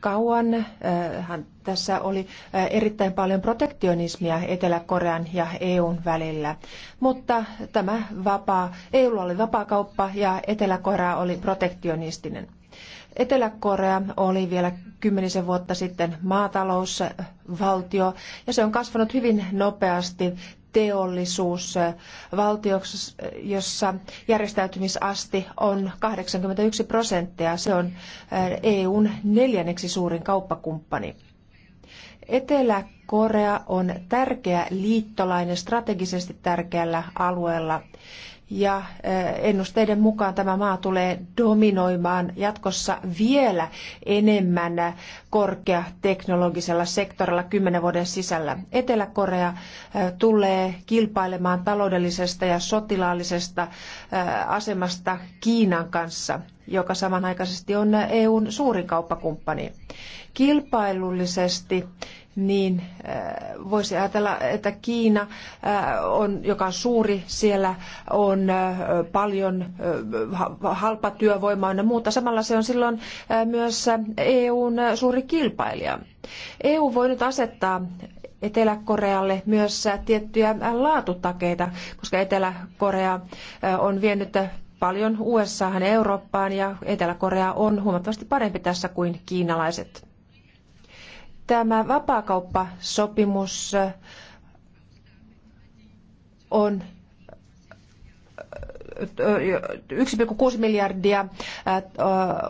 Kauan äh, tässä oli äh, erittäin paljon protektionismia Etelä-Korean ja EUn välillä, mutta tämä vapaa, EUlla oli vapaakauppa ja Etelä-Korea oli protektionistinen. Etelä-Korea oli vielä kymmenisen vuotta sitten maatalousvaltio ja se on kasvanut hyvin nopeasti teollisuusvaltioksi, jossa järjestäytymisasti on 81 prosenttia. Se on eh, EUn neljänneksi suurin kauppakumppani. Etelä-Korea on tärkeä liittolainen strategisesti tärkeällä alueella ja eh, ennusteiden mukaan tämä maa tulee dominoimaan jatkossa vielä enemmän korkeateknologisella sektorilla kymmenen vuoden sisällä. Etelä-Korea eh, tulee kilpailemaan taloudellisesta ja sotilaallisesta eh, asemasta Kiinan kanssa joka samanaikaisesti on EUn suurin kauppakumppani. Kilpailullisesti niin äh, voisi ajatella, että Kiina, äh, on, joka on suuri, siellä on äh, paljon halpa työvoimaa ja muuta. Samalla se on silloin myös EUn suuri kilpailija. EU voi nyt asettaa Etelä-Korealle myös tiettyjä laatutakeita, koska Etelä-Korea on vienyt paljon USAhan ja Eurooppaan ja Etelä-Korea on huomattavasti parempi tässä kuin kiinalaiset. Tämä vapaakauppasopimus äh, on 1,6 äh, miljardia äh,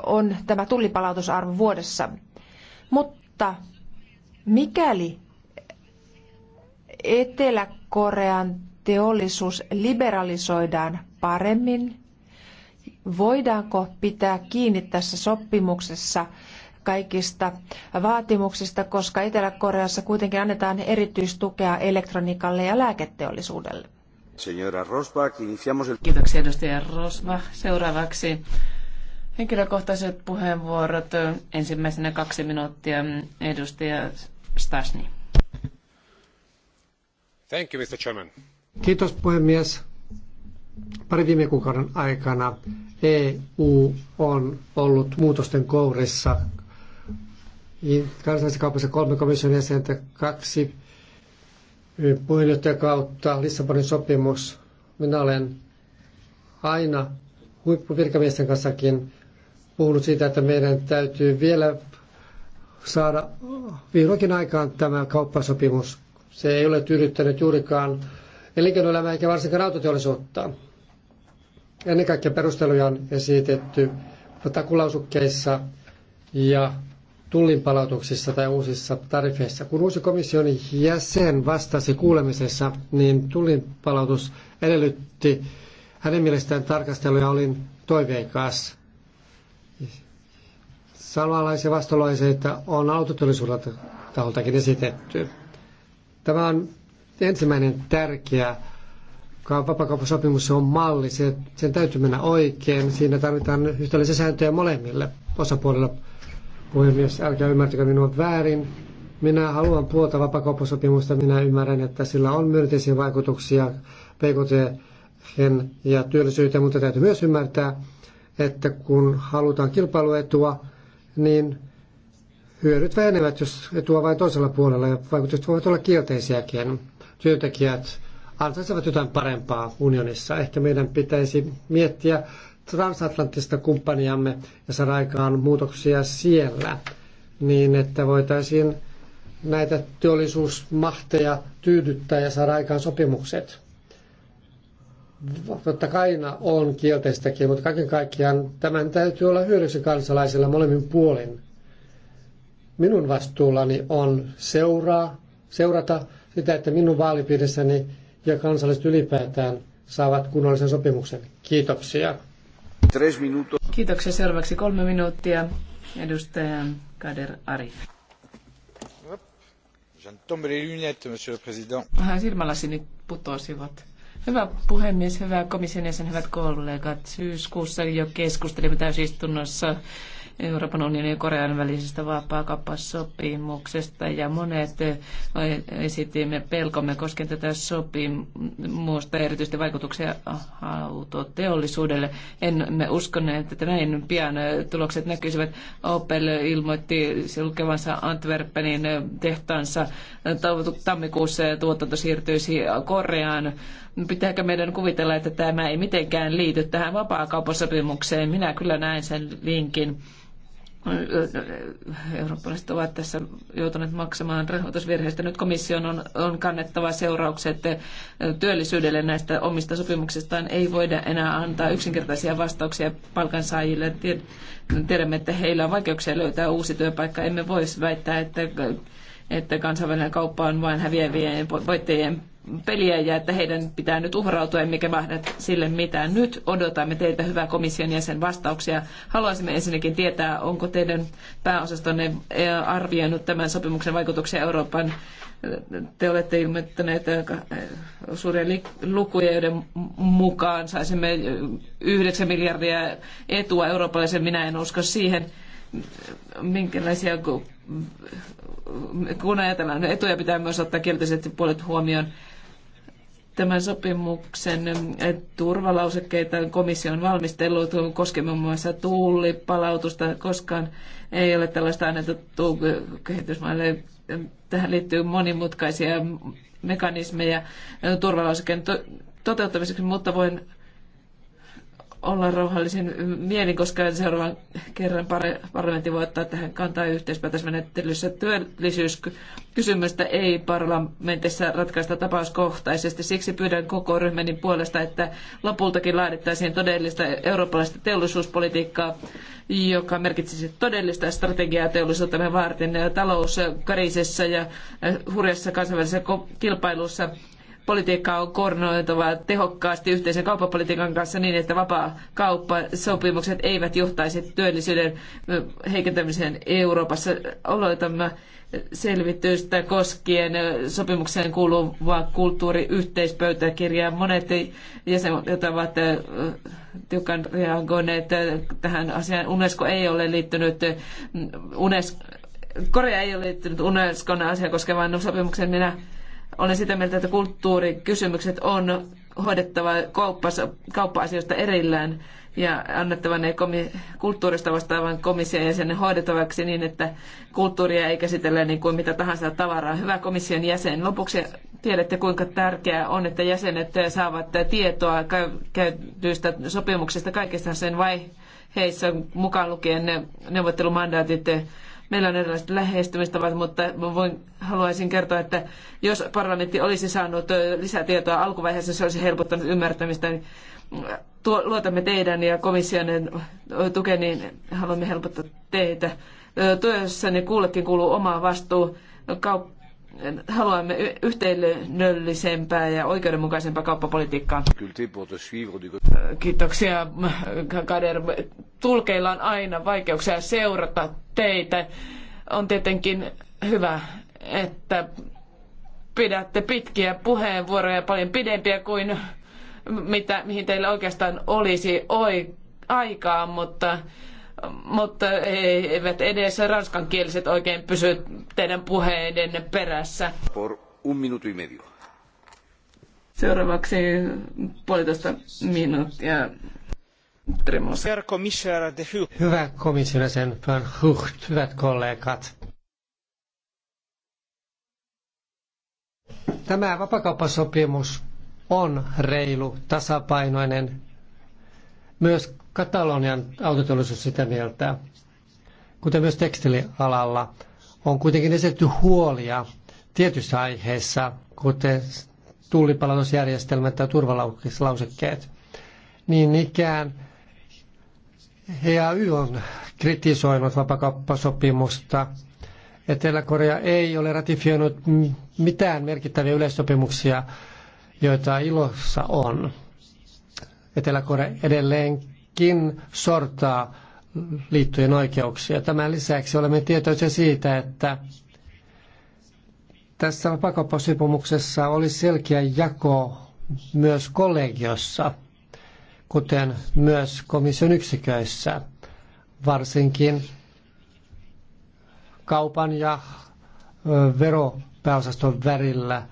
on tämä tullipalautusarvo vuodessa. Mutta mikäli Etelä-Korean teollisuus liberalisoidaan paremmin, voidaanko pitää kiinni tässä sopimuksessa kaikista vaatimuksista, koska Etelä-Koreassa kuitenkin annetaan erityistukea elektroniikalle ja lääketeollisuudelle. Señora Rosbach, iniciamos el... Kiitoksia edustaja Rosbach. Seuraavaksi henkilökohtaiset puheenvuorot. Ensimmäisenä kaksi minuuttia edustaja Stasni. Thank you, Mr. Chairman. Kiitos puhemies. Pari viime kuukauden aikana EU on ollut muutosten kourissa kansallisessa kaupassa kolme komission jäsentä, kaksi kautta, Lissabonin sopimus. Minä olen aina huippuvirkamiesten kanssakin puhunut siitä, että meidän täytyy vielä saada vihdoinkin aikaan tämä kauppasopimus. Se ei ole tyydyttänyt juurikaan elinkeinoelämää eikä varsinkaan autoteollisuutta. Ennen kaikkea perusteluja on esitetty takulausukkeissa ja tullin palautuksissa tai uusissa tarifeissa. Kun uusi komission jäsen vastasi kuulemisessa, niin tullin palautus edellytti hänen mielestään tarkasteluja olin toiveikas. Samanlaisia vastalaiseita on autotollisuudelta taholtakin esitetty. Tämä on ensimmäinen tärkeä vapakauppasopimus on malli, sen täytyy mennä oikein. Siinä tarvitaan yhtäläisiä sääntöjä molemmille osapuolille Puhemies, älkää ymmärtäkö minua väärin. Minä haluan puolta vapakauppasopimusta. Minä ymmärrän, että sillä on myönteisiä vaikutuksia PKT ja työllisyyteen, mutta täytyy myös ymmärtää, että kun halutaan kilpailuetua, niin hyödyt vähenevät, jos etua vain toisella puolella, ja vaikutukset voivat olla kielteisiäkin. Työntekijät ansaitsevat jotain parempaa unionissa. Ehkä meidän pitäisi miettiä transatlanttista kumppaniamme ja saada aikaan muutoksia siellä, niin että voitaisiin näitä teollisuusmahteja tyydyttää ja saada aikaan sopimukset. Totta kai aina on kielteistäkin, mutta kaiken kaikkiaan tämän täytyy olla hyödyksi kansalaisilla molemmin puolin. Minun vastuullani on seuraa, seurata sitä, että minun vaalipiirissäni ja kansalliset ylipäätään saavat kunnollisen sopimuksen. Kiitoksia. Tres minutos. Kiitoksia. Seuraavaksi kolme minuuttia. Edustaja Kader Arif. Vähän silmälasini putosivat. Hyvä puhemies, hyvä komission jäsen, hyvät kollegat. Syyskuussa jo keskustelimme täysistunnossa Euroopan unionin ja Korean välisestä vapaakauppasopimuksesta ja monet esitimme pelkomme koskien tätä sopimusta erityisesti vaikutuksia autoteollisuudelle. me uskoneet, että näin pian tulokset näkyisivät. Opel ilmoitti sulkevansa Antwerpenin tehtaansa tammikuussa ja tuotanto siirtyisi Koreaan. Pitääkö meidän kuvitella, että tämä ei mitenkään liity tähän vapaakauppasopimukseen? Minä kyllä näen sen linkin eurooppalaiset ovat tässä joutuneet maksamaan rahoitusvirheistä. Nyt komission on, on kannettava seuraukset työllisyydelle näistä omista sopimuksistaan. Ei voida enää antaa yksinkertaisia vastauksia palkansaajille. Tiedämme, että heillä on vaikeuksia löytää uusi työpaikka. Emme voisi väittää, että, että kansainvälinen kauppa on vain häviävien voittajien peliä ja että heidän pitää nyt uhrautua emmekä mahda sille mitään. Nyt odotamme teiltä hyvää komission jäsen vastauksia. Haluaisimme ensinnäkin tietää, onko teidän pääosastonne eh, arvioinut tämän sopimuksen vaikutuksia Euroopan eh, te olette ilmoittaneet eh, suuria lukuja, joiden mukaan saisimme 9 miljardia etua eurooppalaisen. Minä en usko siihen, minkälaisia, kun ajatellaan etuja, pitää myös ottaa kielteiset puolet huomioon tämän sopimuksen eh, turvalausekkeita komissio on valmistellut, koskee muun muassa tuulipalautusta, koskaan ei ole tällaista annettu kehitysmaille. Tähän liittyy monimutkaisia mekanismeja turvalausekkeen toteuttamiseksi, mutta voin olla rauhallisen mielin, koska seuraavan kerran parlamentti voi ottaa tähän kantaa yhteispäätösmenettelyssä. Työllisyyskysymystä ei parlamentissa ratkaista tapauskohtaisesti. Siksi pyydän koko ryhmäni puolesta, että lopultakin laadittaisiin todellista eurooppalaista teollisuuspolitiikkaa, joka merkitsisi todellista strategiaa teollisuuttamme varten talouskariisessa ja hurjassa kansainvälisessä kilpailussa – politiikkaa on koordinoitava tehokkaasti yhteisen kauppapolitiikan kanssa niin, että vapaa kauppasopimukset eivät johtaisi työllisyyden heikentämiseen Euroopassa. Oloitamme selvitystä koskien sopimukseen kuuluvaa kulttuuriyhteispöytäkirjaa. Monet jäsenet ovat tiukan reagoineet tähän asiaan. UNESCO ei ole liittynyt UNESCO, Korea ei ole liittynyt Unescon asia koskevaan sopimukseen. Minä olen sitä mieltä, että kulttuurikysymykset on hoidettava kauppa-asioista erillään ja annettava ne komi- kulttuurista vastaavan komission jäsenen hoidettavaksi niin, että kulttuuria ei käsitellä niin kuin mitä tahansa tavaraa. Hyvä komission jäsen. Lopuksi tiedätte, kuinka tärkeää on, että jäsenet saavat tietoa käytyistä sopimuksista kaikista sen vaiheissa mukaan lukien ne neuvottelumandaatit Meillä on erilaiset lähestymistavat, mutta voin, haluaisin kertoa, että jos parlamentti olisi saanut lisätietoa alkuvaiheessa, se olisi helpottanut ymmärtämistä. Niin mm, luotamme teidän ja komission tukeen, niin haluamme helpottaa teitä. Työssäni kullekin kuuluu oma vastuu. Kauppa haluamme yhteisöllisempää ja oikeudenmukaisempaa kauppapolitiikkaa. Äh, kiitoksia, Kader. Tulkeilla on aina vaikeuksia seurata teitä. On tietenkin hyvä, että pidätte pitkiä puheenvuoroja, paljon pidempiä kuin mitä, mihin teillä oikeastaan olisi aikaa, mutta mutta eivät edes ranskankieliset oikein pysy teidän puheiden perässä. Por un minuto y medio. Seuraavaksi puolitoista minuuttia. Hyvä komissiona sen Van Hucht, hyvät kollegat. Tämä vapakauppasopimus on reilu, tasapainoinen, myös Katalonian autoteollisuus sitä mieltä, kuten myös tekstilialalla, on kuitenkin esitetty huolia tietyissä aiheissa, kuten tullipalautusjärjestelmät tai turvalausekkeet. Niin ikään EAY on kritisoinut vapakauppasopimusta. Etelä-Korea ei ole ratifioinut mitään merkittäviä yleissopimuksia, joita ilossa on. Etelä-Korea edelleen kin sortaa liittojen oikeuksia. Tämän lisäksi olemme tietoisia siitä, että tässä pakoposipumuksessa oli selkeä jako myös kollegiossa, kuten myös komission yksiköissä, varsinkin kaupan ja veropääosaston värillä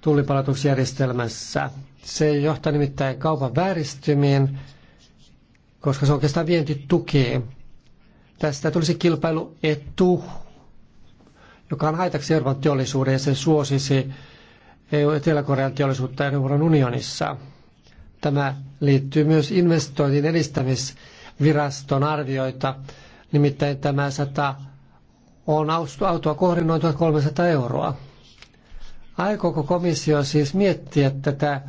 tullipalautusjärjestelmässä. Se johtaa nimittäin kaupan vääristymiin koska se oikeastaan vienti tukee. Tästä tulisi kilpailuetu, joka on haitaksi Euroopan teollisuuden ja se suosisi e Etelä-Korean teollisuutta Euroopan unionissa. Tämä liittyy myös investoinnin edistämisviraston arvioita, nimittäin tämä 100 on autoa kohden noin 1300 euroa. Aikooko komissio siis miettiä tätä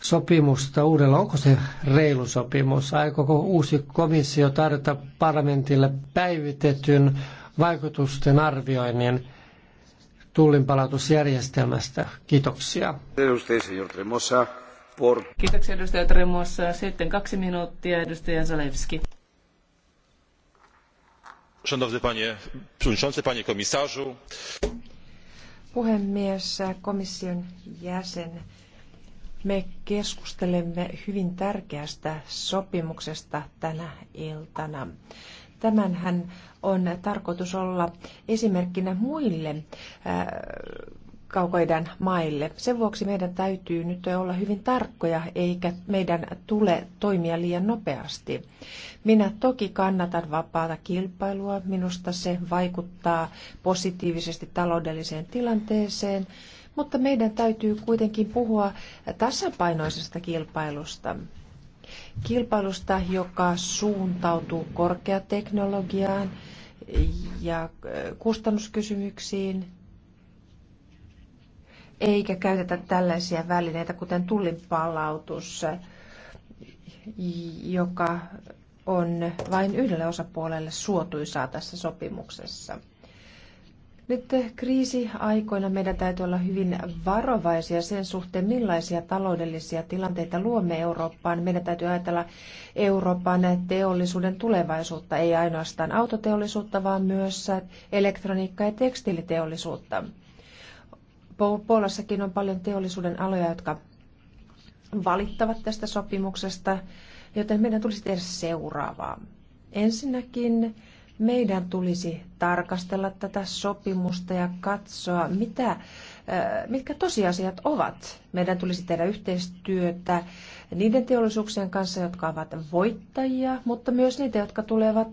sopimusta uudella. Onko se reilu sopimus? Aikooko uusi komissio tarjota parlamentille päivitetyn vaikutusten arvioinnin tullinpalautusjärjestelmästä? Kiitoksia. Kiitoksia edustaja Tremossa. Sitten kaksi minuuttia edustaja Zalewski. Szanowny panie przewodniczący, panie komisarzu. Puhemies, komission jäsen me keskustelemme hyvin tärkeästä sopimuksesta tänä iltana. Tämänhän on tarkoitus olla esimerkkinä muille äh, kaukoidän maille. Sen vuoksi meidän täytyy nyt olla hyvin tarkkoja, eikä meidän tule toimia liian nopeasti. Minä toki kannatan vapaata kilpailua. Minusta se vaikuttaa positiivisesti taloudelliseen tilanteeseen mutta meidän täytyy kuitenkin puhua tasapainoisesta kilpailusta. Kilpailusta, joka suuntautuu korkeateknologiaan ja äh, kustannuskysymyksiin, eikä käytetä tällaisia välineitä, kuten tullinpalautus, joka on vain yhdelle osapuolelle suotuisaa tässä sopimuksessa. Nyt kriisiaikoina meidän täytyy olla hyvin varovaisia sen suhteen, millaisia taloudellisia tilanteita luomme Eurooppaan. Meidän täytyy ajatella Euroopan teollisuuden tulevaisuutta, ei ainoastaan autoteollisuutta, vaan myös elektroniikka- ja tekstiiliteollisuutta. Puolassakin on paljon teollisuuden aloja, jotka valittavat tästä sopimuksesta, joten meidän tulisi tehdä seuraavaa. Ensinnäkin meidän tulisi tarkastella tätä sopimusta ja katsoa, mitä, mitkä tosiasiat ovat. Meidän tulisi tehdä yhteistyötä niiden teollisuuksien kanssa, jotka ovat voittajia, mutta myös niitä, jotka tulevat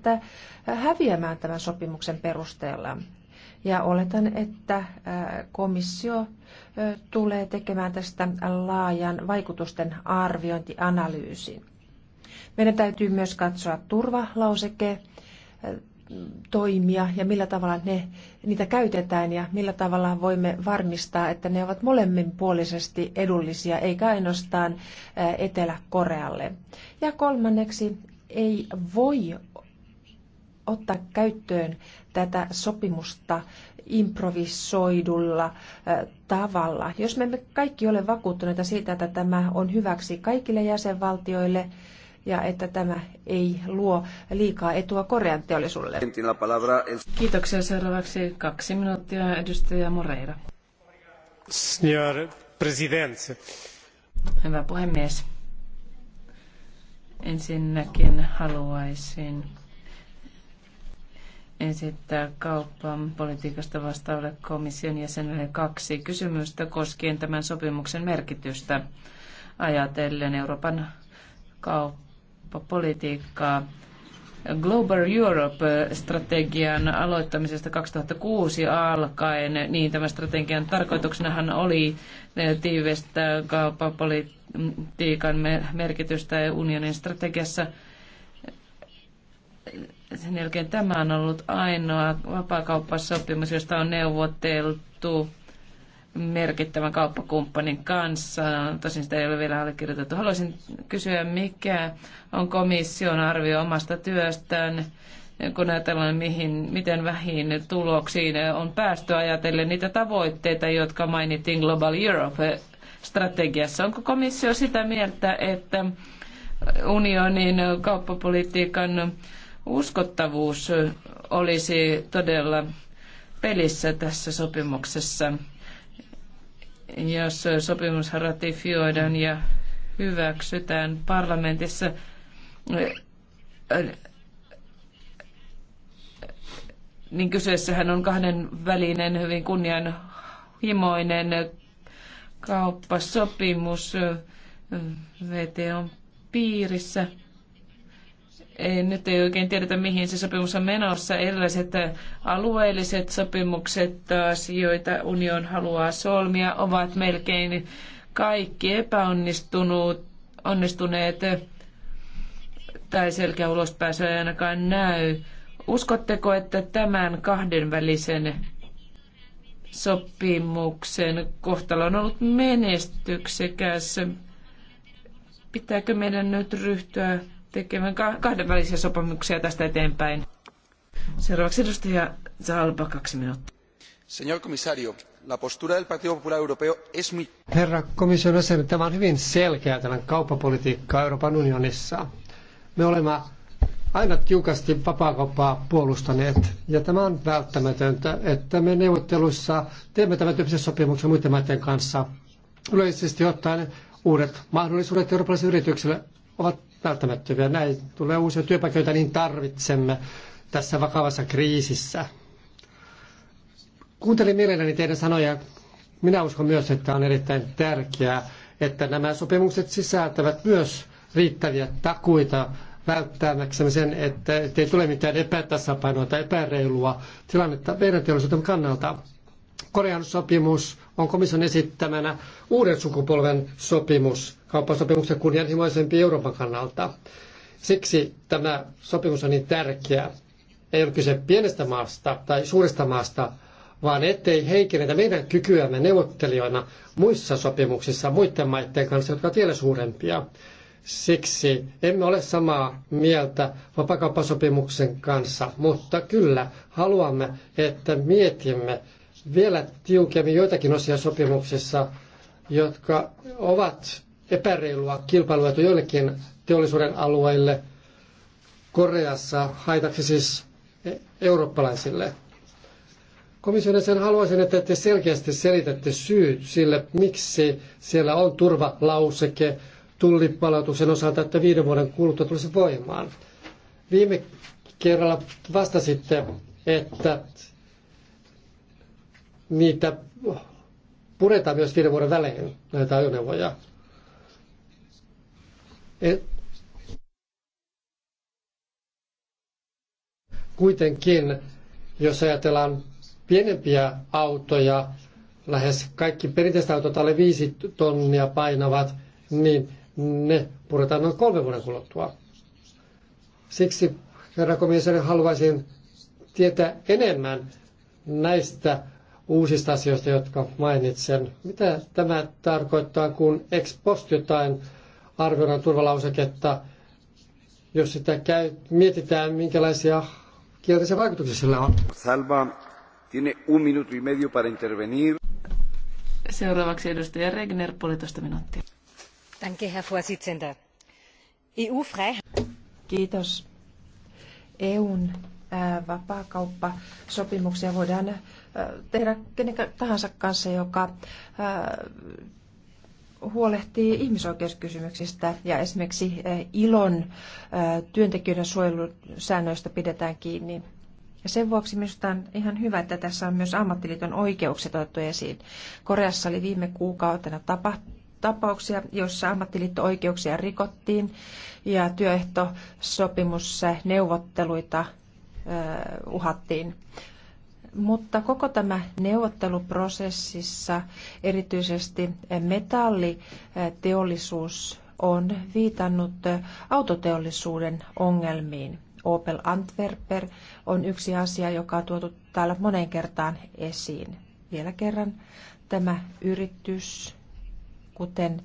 häviämään tämän sopimuksen perusteella. Ja oletan, että komissio tulee tekemään tästä laajan vaikutusten arviointianalyysin. Meidän täytyy myös katsoa turvalauseke toimia ja millä tavalla ne, niitä käytetään ja millä tavalla voimme varmistaa, että ne ovat molemminpuolisesti edullisia eikä ainoastaan Etelä-Korealle. Ja kolmanneksi ei voi ottaa käyttöön tätä sopimusta improvisoidulla tavalla. Jos me emme kaikki ole vakuuttuneita siitä, että tämä on hyväksi kaikille jäsenvaltioille, ja että tämä ei luo liikaa etua Korean teollisuudelle. Kiitoksia. Seuraavaksi kaksi minuuttia edustaja Moreira. Signor Presidente. Hyvä puhemies. Ensinnäkin haluaisin esittää kauppan politiikasta vastaavalle komission jäsenelle kaksi kysymystä koskien tämän sopimuksen merkitystä ajatellen Euroopan kauppaa politiikkaa. Global Europe-strategian aloittamisesta 2006 alkaen, niin tämän strategian tarkoituksenahan oli eh, tiivistää kauppapolitiikan merkitystä unionin strategiassa. Sen jälkeen tämä on ollut ainoa vapaakauppasopimus, josta on neuvoteltu merkittävän kauppakumppanin kanssa. Tosin sitä ei ole vielä allekirjoitettu. Haluaisin kysyä, mikä on komission arvio omasta työstään, kun ajatellaan, mihin, miten vähin tuloksiin on päästy ajatellen niitä tavoitteita, jotka mainittiin Global Europe-strategiassa. Onko komissio sitä mieltä, että unionin kauppapolitiikan uskottavuus olisi todella pelissä tässä sopimuksessa? jos sopimus ratifioidaan ja hyväksytään parlamentissa, niin kyseessähän on kahden välinen hyvin kunnianhimoinen kauppasopimus VTOn piirissä – ei, nyt ei oikein tiedetä, mihin se sopimus on menossa. Erilaiset äh, alueelliset sopimukset, joita union haluaa solmia, ovat melkein kaikki epäonnistuneet äh, tai selkeä ulospääsy ei ainakaan näy. Uskotteko, että tämän kahdenvälisen sopimuksen kohtalo on ollut menestyksekäs? Pitääkö meidän nyt ryhtyä tekemään kahdenvälisiä sopimuksia tästä eteenpäin. Seuraavaksi edustaja Zalba, kaksi minuuttia. Señor comisario, la postura del Partido Popular Europeo es muy... Herra komission jäsen, tämä on hyvin selkeä tämä kauppapolitiikka Euroopan unionissa. Me olemme aina tiukasti vapaakauppaa puolustaneet, ja tämä on välttämätöntä, että me neuvotteluissa teemme tämän tyyppisen sopimuksen muiden maiden kanssa. Yleisesti ottaen uudet mahdollisuudet eurooppalaisille yrityksille ovat välttämättömiä. Näin tulee uusia työpaikoita, niin tarvitsemme tässä vakavassa kriisissä. Kuuntelin mielelläni teidän sanoja. Minä uskon myös, että on erittäin tärkeää, että nämä sopimukset sisältävät myös riittäviä takuita välttämäksemme sen, että ei tule mitään epätasapainoa tai epäreilua tilannetta meidän teollisuutemme kannalta. Korean sopimus on komission esittämänä uuden sukupolven sopimus kauppasopimuksen kunnianhimoisempi Euroopan kannalta. Siksi tämä sopimus on niin tärkeä. Ei ole kyse pienestä maasta tai suuresta maasta, vaan ettei heikennetä meidän kykyämme neuvottelijoina muissa sopimuksissa muiden maiden kanssa, jotka ovat vielä suurempia. Siksi emme ole samaa mieltä vapakauppasopimuksen kanssa, mutta kyllä haluamme, että mietimme vielä tiukemmin joitakin osia sopimuksessa, jotka ovat epäreilua kilpailuetu joillekin teollisuuden alueille Koreassa, haitaksi siis e- eurooppalaisille. Komission sen haluaisin, että te selkeästi selitätte syyt sille, miksi siellä on turvalauseke tullipalautuksen osalta, että viiden vuoden kuluttua tulisi voimaan. Viime kerralla vastasitte, että niitä puretaan myös viiden vuoden välein, näitä ajoneuvoja. Et kuitenkin, jos ajatellaan pienempiä autoja, lähes kaikki perinteiset autot alle viisi tonnia painavat, niin ne puretaan noin kolmen vuoden kuluttua. Siksi, herra komissaari, haluaisin tietää enemmän näistä uusista asioista, jotka mainitsen. Mitä tämä tarkoittaa, kun ex post jotain arvioidaan turvalauseketta, jos sitä käy, mietitään, minkälaisia kielteisiä vaikutuksia sillä on? Salva, tiene un minuto y medio para intervenir. Seuraavaksi edustaja Regner, puolitoista minuuttia. Danke, Herr Vorsitzender. EU-frei... Kiitos. EUn vapaakauppasopimuksia voidaan tehdä kenen tahansa kanssa, joka huolehtii ihmisoikeuskysymyksistä ja esimerkiksi ilon työntekijöiden suojelusäännöistä pidetään kiinni. Ja sen vuoksi minusta on ihan hyvä, että tässä on myös ammattiliiton oikeukset otettu esiin. Koreassa oli viime kuukautena tapahtunut tapauksia, joissa ammattiliitto-oikeuksia rikottiin ja työehtosopimusneuvotteluita uhattiin. Mutta koko tämä neuvotteluprosessissa erityisesti metalliteollisuus on viitannut autoteollisuuden ongelmiin. Opel Antwerper on yksi asia, joka on tuotu täällä moneen kertaan esiin. Vielä kerran tämä yritys kuten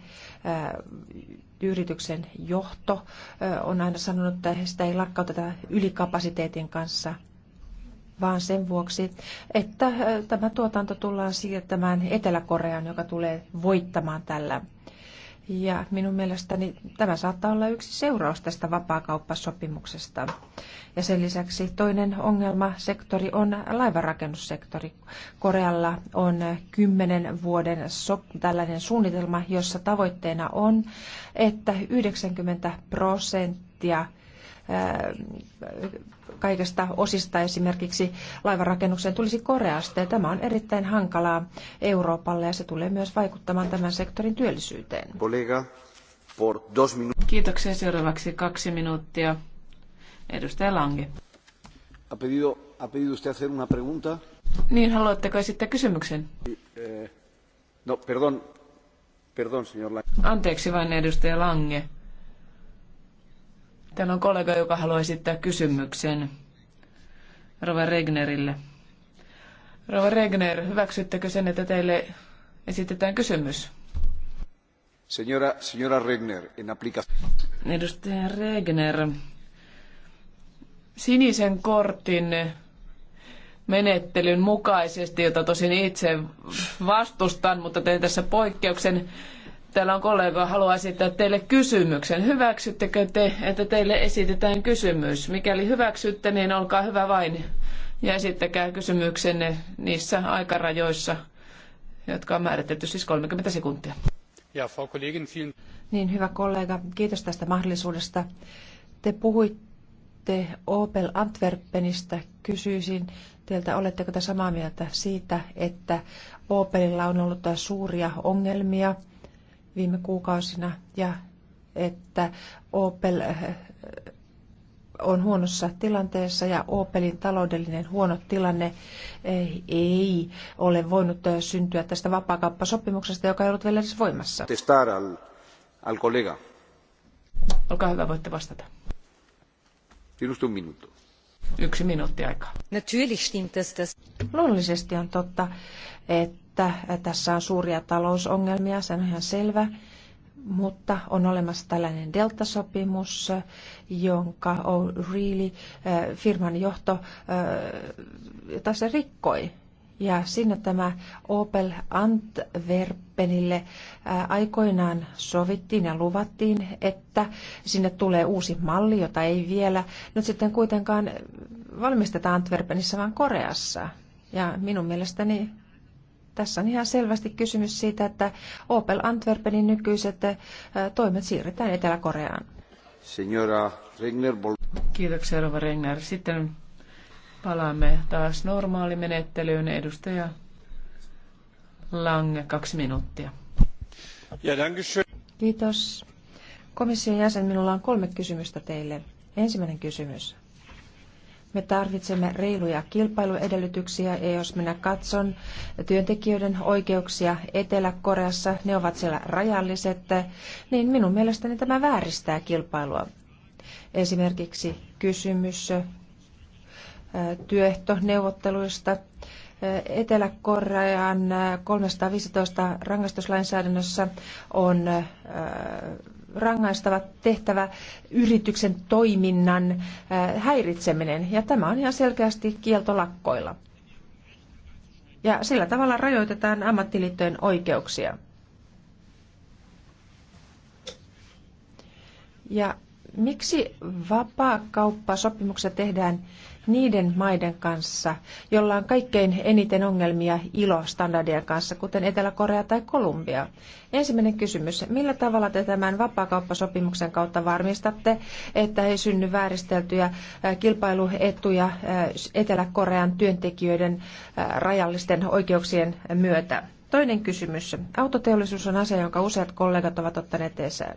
yrityksen johto on aina sanonut, että sitä ei lakkauteta ylikapasiteetin kanssa, vaan sen vuoksi, että tämä tuotanto tullaan siirtämään Etelä-Koreaan, joka tulee voittamaan tällä ja minun mielestäni tämä saattaa olla yksi seuraus tästä vapaakauppasopimuksesta. Ja sen lisäksi toinen ongelmasektori on laivarakennussektori. Korealla on kymmenen vuoden sop- tällainen suunnitelma, jossa tavoitteena on, että 90 prosenttia kaikesta osista esimerkiksi laivanrakennukseen tulisi Koreasta ja tämä on erittäin hankalaa Euroopalle ja se tulee myös vaikuttamaan tämän sektorin työllisyyteen. Kiitoksia. Seuraavaksi kaksi minuuttia. Edustaja Lange. Ha pedido, ha pedido usted hacer una pregunta? Niin, haluatteko esittää kysymyksen? Eh, no, perdon, perdon, señor Lange. Anteeksi vain, edustaja Lange. Täällä on kollega, joka haluaa esittää kysymyksen Rova Regnerille. Rova Regner, hyväksyttekö sen, että teille esitetään kysymys? Señora, señora Regner, en aplicación. Edustaja Regner, sinisen kortin menettelyn mukaisesti, jota tosin itse vastustan, mutta teen tässä poikkeuksen. Täällä on kollega, haluaa esittää teille kysymyksen. Hyväksyttekö te, että teille esitetään kysymys? Mikäli hyväksytte, niin olkaa hyvä vain ja esittäkää kysymyksenne niissä aikarajoissa, jotka on määritetty siis 30 sekuntia. Ja, Frau Kollegin, vielen... Niin, hyvä kollega, kiitos tästä mahdollisuudesta. Te puhuitte Opel Antwerpenistä. Kysyisin teiltä, oletteko te samaa mieltä siitä, että Opelilla on ollut suuria ongelmia – viime kuukausina ja että Opel eh, on huonossa tilanteessa ja Opelin taloudellinen huono tilanne eh, ei ole voinut eh, syntyä tästä vapaakauppasopimuksesta, joka ei ollut vielä edes voimassa. Olkaa hyvä, voitte vastata. minuutti. Yksi minuutti aikaa. Luonnollisesti on totta, että että tässä on suuria talousongelmia, se on ihan selvä, mutta on olemassa tällainen delta sopimus, jonka O'Reilly firman johto jota se rikkoi. Ja siinä tämä Opel Antwerpenille aikoinaan sovittiin ja luvattiin, että sinne tulee uusi malli, jota ei vielä nyt sitten kuitenkaan valmisteta Antwerpenissä, vaan Koreassa. Ja minun mielestäni tässä on ihan selvästi kysymys siitä, että Opel Antwerpenin nykyiset toimet siirretään Etelä-Koreaan. Signora Regner. Kiitoksia, Rova Regner. Sitten palaamme taas normaalimenettelyyn. Edustaja Lange, kaksi minuuttia. Ja, Kiitos. Komission jäsen, minulla on kolme kysymystä teille. Ensimmäinen kysymys. Me tarvitsemme reiluja kilpailuedellytyksiä ja jos minä katson työntekijöiden oikeuksia Etelä-Koreassa, ne ovat siellä rajalliset, niin minun mielestäni tämä vääristää kilpailua. Esimerkiksi kysymys työehtoneuvotteluista. Etelä-Korean 315 rangaistuslainsäädännössä on rangaistava tehtävä yrityksen toiminnan äh, häiritseminen, ja tämä on ihan selkeästi kieltolakkoilla. Ja sillä tavalla rajoitetaan ammattiliittojen oikeuksia. Ja miksi vapaakauppasopimuksia tehdään niiden maiden kanssa, jolla on kaikkein eniten ongelmia ILO-standardien kanssa, kuten Etelä-Korea tai Kolumbia. Ensimmäinen kysymys. Millä tavalla te tämän vapaakauppasopimuksen kautta varmistatte, että ei synny vääristeltyjä kilpailuetuja Etelä-Korean työntekijöiden rajallisten oikeuksien myötä? Toinen kysymys. Autoteollisuus on asia, jonka useat kollegat ovat ottaneet esiin.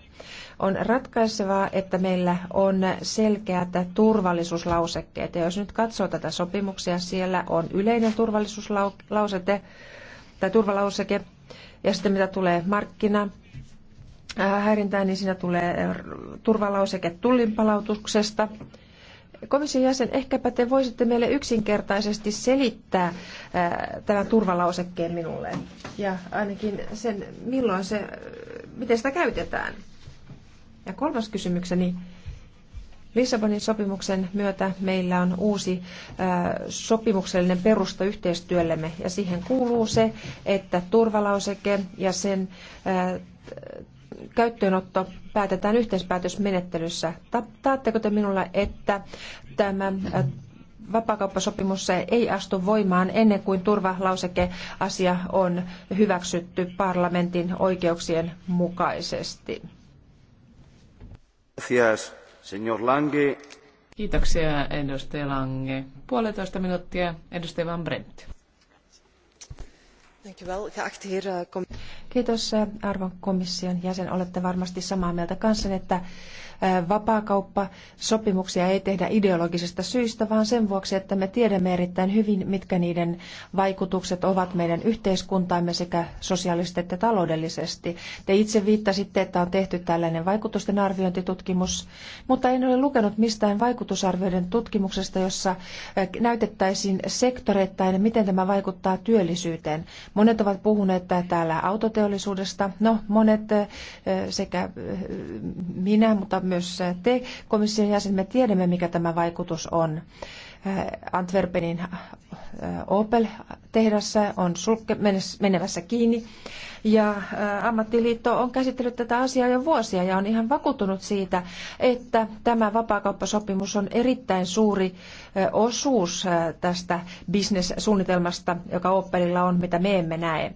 On ratkaisevaa, että meillä on selkeät turvallisuuslausekkeet. Ja jos nyt katsoo tätä sopimuksia, siellä on yleinen turvallisuuslauseke tai turvalauseke. Ja sitten mitä tulee markkina, äh, häirintään, niin siinä tulee turvalauseke tullinpalautuksesta. palautuksesta Komission jäsen, ehkäpä te voisitte meille yksinkertaisesti selittää tämän turvalausekkeen minulle. Ja ainakin sen, milloin se, miten sitä käytetään. Ja kolmas kysymykseni. Lissabonin sopimuksen myötä meillä on uusi sopimuksellinen perusta yhteistyöllemme ja siihen kuuluu se, että turvalauseke ja sen käyttöönotto päätetään yhteispäätösmenettelyssä. taatteko te minulla, että tämä äh, vapakauppasopimus ei astu voimaan ennen kuin turvalausekeasia on hyväksytty parlamentin oikeuksien mukaisesti? Gracias, señor Lange. Kiitoksia, edustaja Lange. Puolitoista minuuttia, edustaja Van Brent. Eh, Kiitos eh, arvon komission jäsen. Olette varmasti samaa mieltä kanssani, että Vapaakauppasopimuksia ei tehdä ideologisista syistä, vaan sen vuoksi, että me tiedämme erittäin hyvin, mitkä niiden vaikutukset ovat meidän yhteiskuntaamme sekä sosiaalisesti että taloudellisesti. Te itse viittasitte, että on tehty tällainen vaikutusten arviointitutkimus, mutta en ole lukenut mistään vaikutusarvioiden tutkimuksesta, jossa näytettäisiin sektoreittain, miten tämä vaikuttaa työllisyyteen. Monet ovat puhuneet täällä autoteollisuudesta. No, monet sekä minä, mutta myös te komission jäsen, me tiedämme mikä tämä vaikutus on. Äh, Antwerpenin äh, Opel-tehdas on sulke, menevässä kiinni. Ja äh, ammattiliitto on käsitellyt tätä asiaa jo vuosia ja on ihan vakuuttunut siitä, että tämä vapaakauppasopimus on erittäin suuri osuus tästä bisnessuunnitelmasta, joka Opelilla on, mitä me emme näe.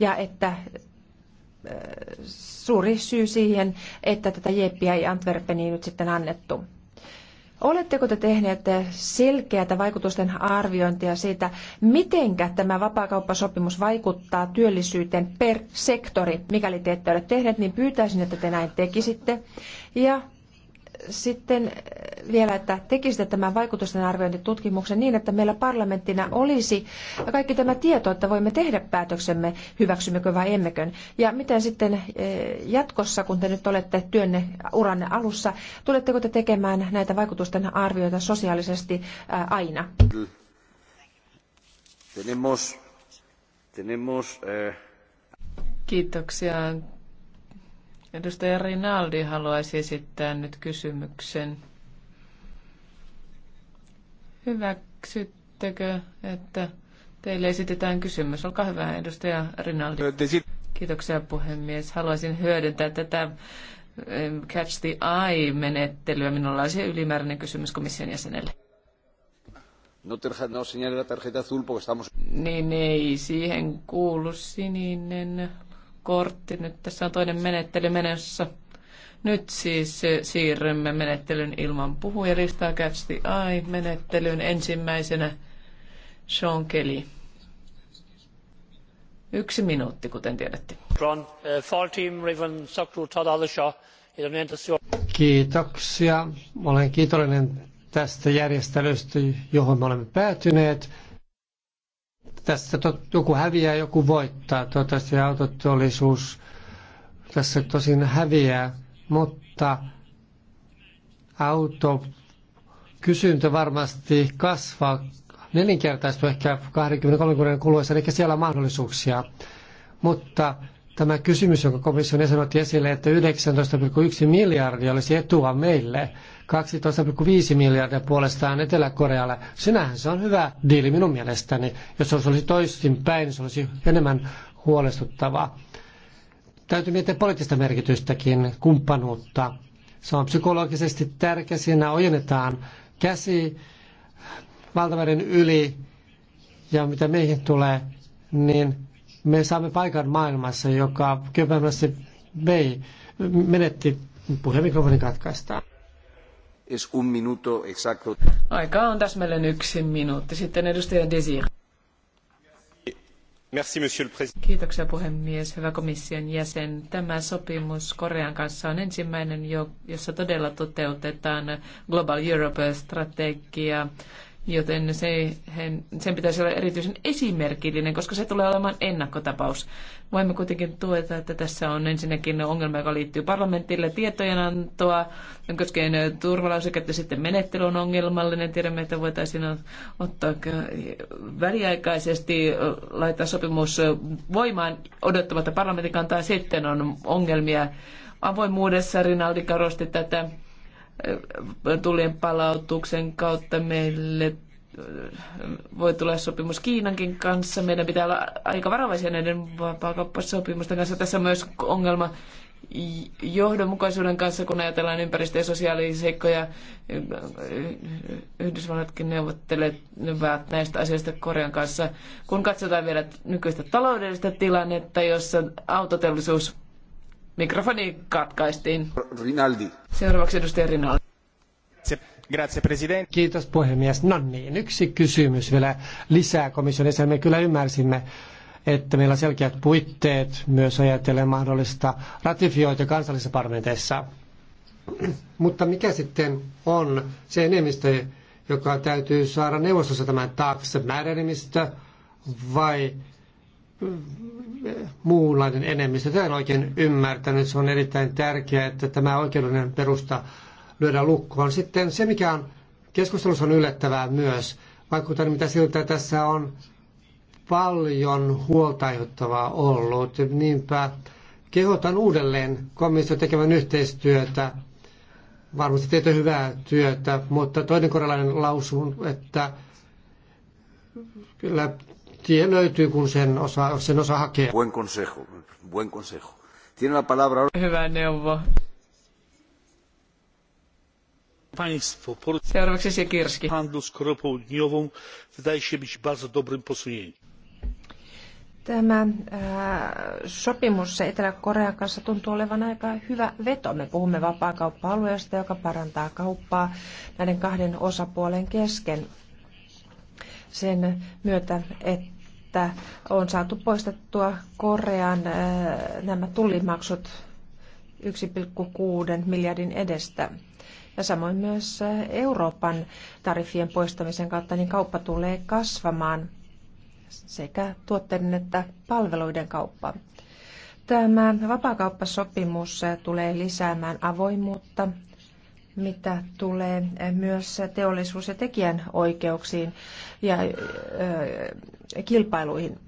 Ja että suuri syy siihen, että tätä jeppiä ei Antwerpeniin nyt sitten annettu. Oletteko te tehneet selkeätä vaikutusten arviointia siitä, mitenkä tämä vapaakauppasopimus vaikuttaa työllisyyteen per sektori? Mikäli te ette ole tehneet, niin pyytäisin, että te näin tekisitte. Ja sitten vielä, että tekisitte tämän vaikutusten arviointitutkimuksen niin, että meillä parlamenttina olisi kaikki tämä tieto, että voimme tehdä päätöksemme, hyväksymmekö vai emmekö. Ja miten sitten eh, jatkossa, kun te nyt olette työnne uranne alussa, tuletteko te tekemään näitä vaikutusten arvioita sosiaalisesti eh, aina? Eh, Kiitoksia. Edustaja Rinaldi haluaisi esittää nyt kysymyksen. Hyväksyttekö, että teille esitetään kysymys? Olkaa hyvä, edustaja Rinaldi. Kiitoksia puhemies. Haluaisin hyödyntää tätä catch the eye-menettelyä. Minulla olisi ylimääräinen kysymys komission jäsenelle. No, terha, no la azul, estamos... Niin ei siihen kuulu sininen kortti. Nyt tässä on toinen menettely menossa. Nyt siis siirrymme menettelyn ilman puhujalistaa Catch the Eye-menettelyyn. Ensimmäisenä Sean Kelly. Yksi minuutti, kuten tiedätte. Uh, Kiitoksia. Olen kiitollinen tästä järjestelystä, johon me olemme päätyneet. Tässä tot, joku häviää, joku voittaa. Toivottavasti autoteollisuus tässä tosin häviää, mutta auto kysyntä varmasti kasvaa nelinkertaistuu ehkä 20-30 kuluessa, eli siellä on mahdollisuuksia. Mutta Tämä kysymys, jonka komission jäsen otti esille, että 19,1 miljardia olisi etua meille, 12,5 miljardia puolestaan Etelä-Korealle. Sinähän se on hyvä diili minun mielestäni. Jos se olisi toisinpäin, se olisi enemmän huolestuttavaa. Täytyy miettiä poliittista merkitystäkin, kumppanuutta. Se on psykologisesti tärkeä, siinä ojennetaan käsi valtavärin yli ja mitä meihin tulee, niin me saamme paikan maailmassa, joka Kööpenhaminassa vei, menetti puheen katkaistaan. Es un minuto exacto. Aika on täsmälleen yksi minuutti. Sitten edustaja Desir. Merci, monsieur le président. Kiitoksia puhemies, hyvä komission jäsen. Tämä sopimus Korean kanssa on ensimmäinen, jossa todella toteutetaan Global Europe-strategia joten se, sen pitäisi olla erityisen esimerkillinen, koska se tulee olemaan ennakkotapaus. Voimme kuitenkin tueta, että tässä on ensinnäkin ongelma, joka liittyy parlamentille tietojenantoa, koskien että sitten menettely on ongelmallinen. Tiedämme, että voitaisiin ottaa väliaikaisesti laittaa sopimus voimaan odottamatta parlamentin kantaa. Sitten on ongelmia avoimuudessa. Rinaldi karosti tätä tulien palautuksen kautta meille äh, voi tulla sopimus Kiinankin kanssa. Meidän pitää olla aika varovaisia näiden vapaakauppasopimusten kanssa. Tässä on myös ongelma johdonmukaisuuden kanssa, kun ajatellaan ympäristö- ja sosiaaliseikkoja. Yhdysvallatkin neuvottelevat näistä asioista Korean kanssa. Kun katsotaan vielä nykyistä taloudellista tilannetta, jossa autoteollisuus Mikrofoni katkaistiin. Rinaldi. Seuraavaksi edustaja Rinaldi. Grazie, president. Kiitos puhemies. No niin, yksi kysymys vielä lisää komission Me kyllä ymmärsimme, että meillä on selkeät puitteet myös ajatellen mahdollista ratifioita kansallisissa parlamenteissa. Mutta mikä sitten on se enemmistö, joka täytyy saada neuvostossa tämän taakse? Määräenemmistö vai muunlainen enemmistö. Tämä en oikein ymmärtänyt. Se on erittäin tärkeää, että tämä oikeudellinen perusta lyödään lukkoon. Sitten se, mikä on keskustelussa on yllättävää myös, vaikuttaa mitä siltä tässä on paljon huoltajuttavaa ollut. Niinpä kehotan uudelleen komissio tekemään yhteistyötä. Varmasti teitä hyvää työtä, mutta toinen korealainen lausun, että kyllä tie löytyy, kun sen osa, sen osa hakee. Buen consejo, buen consejo. Tiene la palabra... Hyvä neuvo. Państwo, Seuraavaksi Sikirski. Handlu z Koreą Południową wydaje się być bardzo dobrym posunięciem. Tämä äh, sopimus Etelä-Korean kanssa tuntuu olevan aika hyvä veto. Me puhumme vapaakauppa-alueesta, joka parantaa kauppaa näiden kahden osapuolen kesken sen myötä, että on saatu poistettua Korean äh, nämä tullimaksut 1,6 miljardin edestä. Ja samoin myös äh, Euroopan tariffien poistamisen kautta niin kauppa tulee kasvamaan sekä tuotteiden että palveluiden kauppa. Tämä vapaakauppasopimus äh, tulee lisäämään avoimuutta mitä tulee eh, myös teollisuus- ja tekijänoikeuksiin ja eh, kilpailuihin.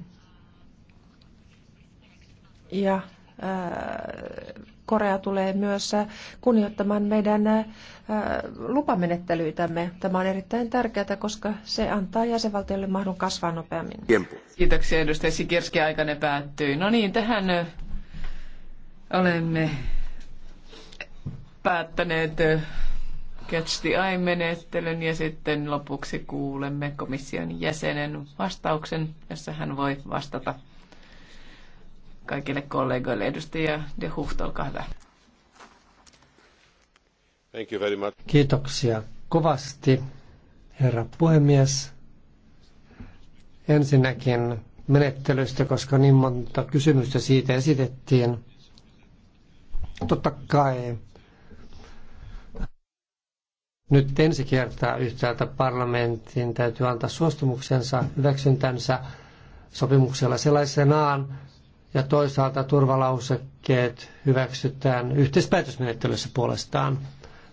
Ja eh, Korea tulee myös kunnioittamaan meidän lupamenettelyitämme. Tämä on erittäin tärkeää, koska se antaa jäsenvaltiolle mahdun kasvaa nopeammin. Kiitoksia edustaja Sikirski, aikainen päättyy. No niin, tähän olemme päättäneet eh, Catch the Eye-menettelyn ja sitten lopuksi kuulemme komission jäsenen vastauksen, jossa hän voi vastata kaikille kollegoille. Edustaja De Hucht, olkaa hyvä. Thank you very much. Kiitoksia kovasti, herra puhemies. Ensinnäkin menettelystä, koska niin monta kysymystä siitä esitettiin. Totta kai nyt ensi kertaa yhtäältä parlamentin täytyy antaa suostumuksensa, hyväksyntänsä sopimuksella sellaisenaan, ja toisaalta turvalausekkeet hyväksytään yhteispäätösmenettelyssä puolestaan.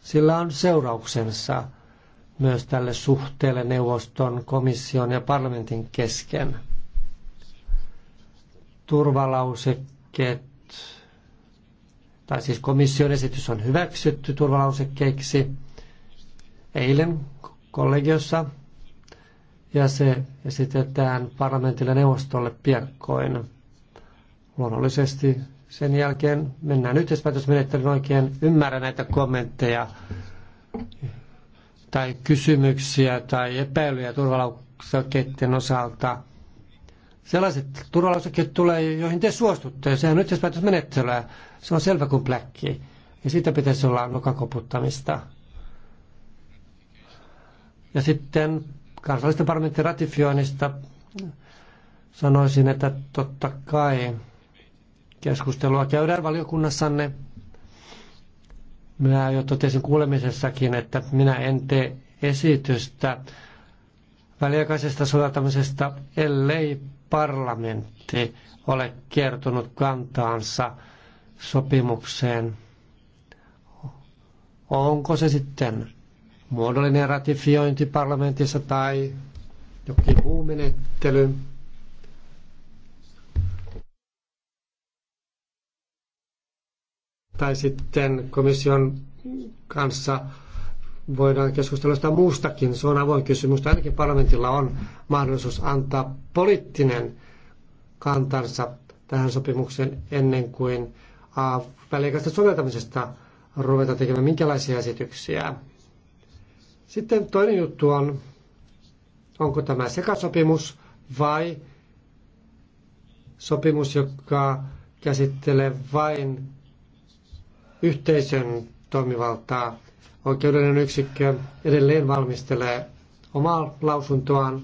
Sillä on seurauksensa myös tälle suhteelle neuvoston, komission ja parlamentin kesken. Turvalausekkeet, tai siis komission esitys on hyväksytty turvalausekkeiksi – eilen kollegiossa ja se esitetään parlamentille neuvostolle piakkoin. Luonnollisesti sen jälkeen mennään yhteispäätösmenettelyyn oikein ymmärrä näitä kommentteja tai kysymyksiä tai epäilyjä turvalausekkeiden osalta. Sellaiset turvalausekkeet tulee, joihin te suostutte. Sehän on yhteispäätösmenettelyä. Se on selvä kuin pläkki. Ja siitä pitäisi olla nokakoputtamista. koputtamista ja sitten kansallisten parlamentin ratifioinnista sanoisin, että totta kai keskustelua käydään valiokunnassanne. Minä jo totesin kuulemisessakin, että minä en tee esitystä väliaikaisesta soveltamisesta, ellei parlamentti ole kertonut kantaansa sopimukseen. Onko se sitten muodollinen ratifiointi parlamentissa tai jokin muu menettely. Tai sitten komission kanssa voidaan keskustella sitä muustakin. Se on avoin kysymys. Ainakin parlamentilla on mahdollisuus antaa poliittinen kantansa tähän sopimukseen ennen kuin väliaikaisesta soveltamisesta ruveta tekemään minkälaisia esityksiä. Sitten toinen juttu on, onko tämä sekasopimus vai sopimus, joka käsittelee vain yhteisön toimivaltaa. Oikeudellinen yksikkö edelleen valmistelee omaa lausuntoaan.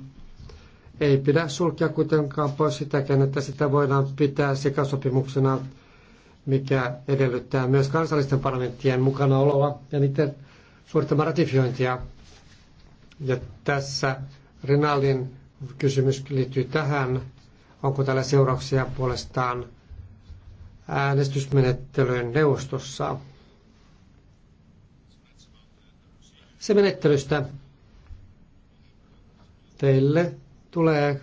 Ei pidä sulkea kuitenkaan pois sitäkään, että sitä voidaan pitää sekasopimuksena, mikä edellyttää myös kansallisten parlamenttien mukanaoloa ja niiden suorittamaa ratifiointia. Ja tässä Rinaldin kysymys liittyy tähän, onko tällä seurauksia puolestaan äänestysmenettelyyn neuvostossa. Se menettelystä teille tulee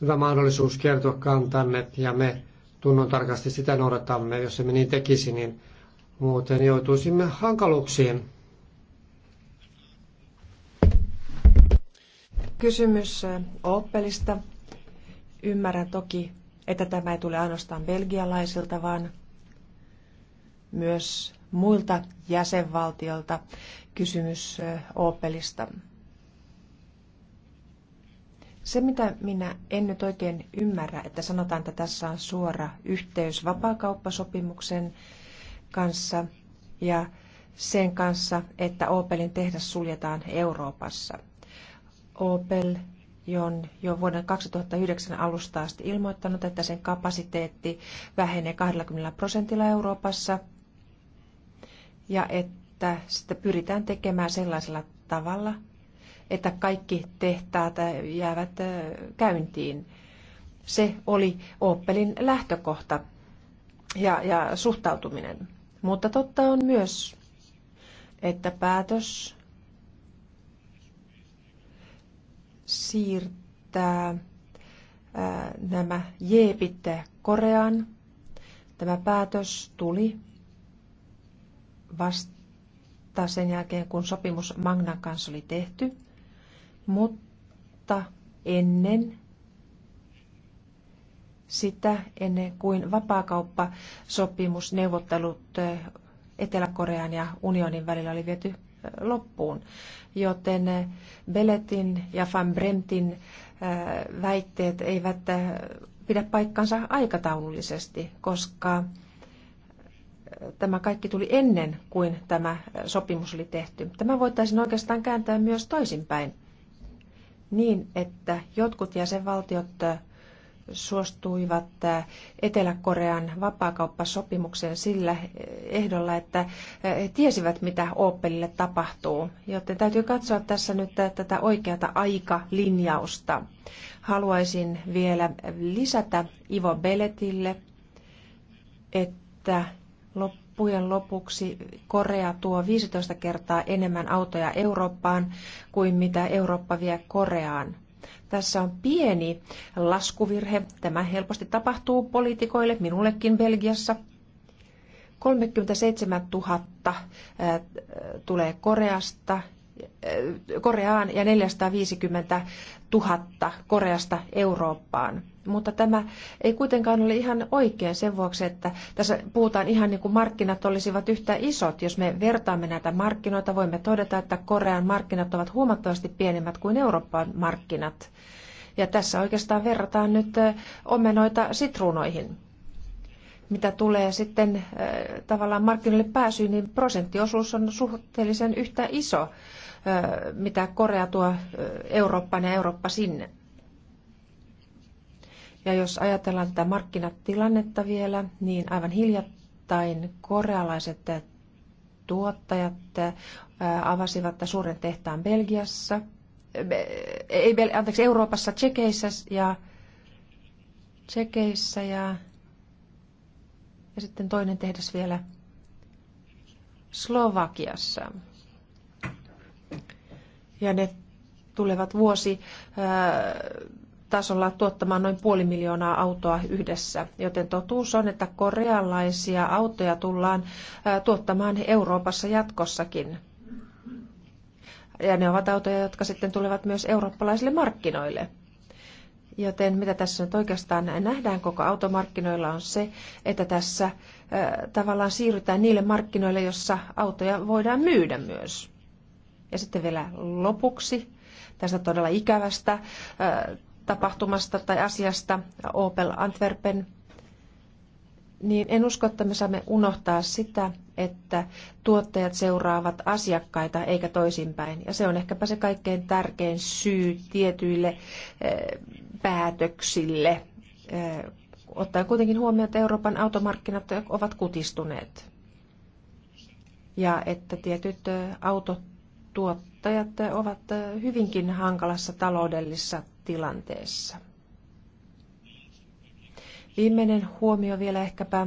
hyvä mahdollisuus kertoa kantanne ja me tunnon tarkasti sitä noudatamme. Jos emme niin tekisi, niin muuten joutuisimme hankaluuksiin. Kysymys Opelista. Ymmärrän toki, että tämä ei tule ainoastaan belgialaisilta, vaan myös muilta jäsenvaltiolta kysymys Opelista. Se, mitä minä en nyt oikein ymmärrä, että sanotaan, että tässä on suora yhteys vapaakauppasopimuksen kanssa ja sen kanssa, että Opelin tehdas suljetaan Euroopassa – Opel on jo vuoden 2009 alusta asti ilmoittanut, että sen kapasiteetti vähenee 20 prosentilla Euroopassa ja että sitä pyritään tekemään sellaisella tavalla, että kaikki tehtaat jäävät käyntiin. Se oli Opelin lähtökohta ja, ja suhtautuminen. Mutta totta on myös, että päätös siirtää nämä jeepit Koreaan. Tämä päätös tuli vasta sen jälkeen, kun sopimus Magnan kanssa oli tehty, mutta ennen sitä, ennen kuin vapaakauppasopimusneuvottelut Etelä-Korean ja unionin välillä oli viety loppuun. Joten Beletin ja Van Brentin äh, väitteet eivät äh, pidä paikkansa aikataulullisesti, koska äh, tämä kaikki tuli ennen kuin tämä sopimus oli tehty. Tämä voitaisiin oikeastaan kääntää myös toisinpäin niin, että jotkut jäsenvaltiot suostuivat Etelä-Korean vapaakauppasopimukseen sillä ehdolla, että he tiesivät, mitä Opelille tapahtuu. Joten täytyy katsoa tässä nyt tätä oikeata aikalinjausta. Haluaisin vielä lisätä Ivo Beletille, että loppujen lopuksi Korea tuo 15 kertaa enemmän autoja Eurooppaan kuin mitä Eurooppa vie Koreaan. Tässä on pieni laskuvirhe. Tämä helposti tapahtuu poliitikoille, minullekin Belgiassa. 37 000 tulee Koreasta Koreaan ja 450 000 Koreasta Eurooppaan. Mutta tämä ei kuitenkaan ole ihan oikein sen vuoksi, että tässä puhutaan ihan niin kuin markkinat olisivat yhtä isot. Jos me vertaamme näitä markkinoita, voimme todeta, että Korean markkinat ovat huomattavasti pienemmät kuin Euroopan markkinat. Ja tässä oikeastaan verrataan nyt omenoita sitruunoihin mitä tulee sitten tavallaan markkinoille pääsyyn, niin prosenttiosuus on suhteellisen yhtä iso mitä Korea tuo Eurooppaan ja Eurooppa sinne. Ja jos ajatellaan tätä markkinatilannetta vielä, niin aivan hiljattain korealaiset tuottajat avasivat suuren tehtaan Belgiassa, ei, anteeksi, Euroopassa, Tsekeissä ja, Tsekeissä ja, ja sitten toinen tehdas vielä Slovakiassa ja ne tulevat vuosi tasolla tuottamaan noin puoli miljoonaa autoa yhdessä. Joten totuus on, että korealaisia autoja tullaan tuottamaan Euroopassa jatkossakin. Ja ne ovat autoja, jotka sitten tulevat myös eurooppalaisille markkinoille. Joten mitä tässä nyt oikeastaan nähdään koko automarkkinoilla on se, että tässä tavallaan siirrytään niille markkinoille, jossa autoja voidaan myydä myös. Ja sitten vielä lopuksi tästä todella ikävästä tapahtumasta tai asiasta Opel Antwerpen, niin en usko, että me saamme unohtaa sitä, että tuottajat seuraavat asiakkaita eikä toisinpäin. Ja se on ehkäpä se kaikkein tärkein syy tietyille päätöksille, ottaen kuitenkin huomioon, että Euroopan automarkkinat ovat kutistuneet ja että tietyt autot tuottajat ovat hyvinkin hankalassa taloudellisessa tilanteessa. Viimeinen huomio vielä ehkäpä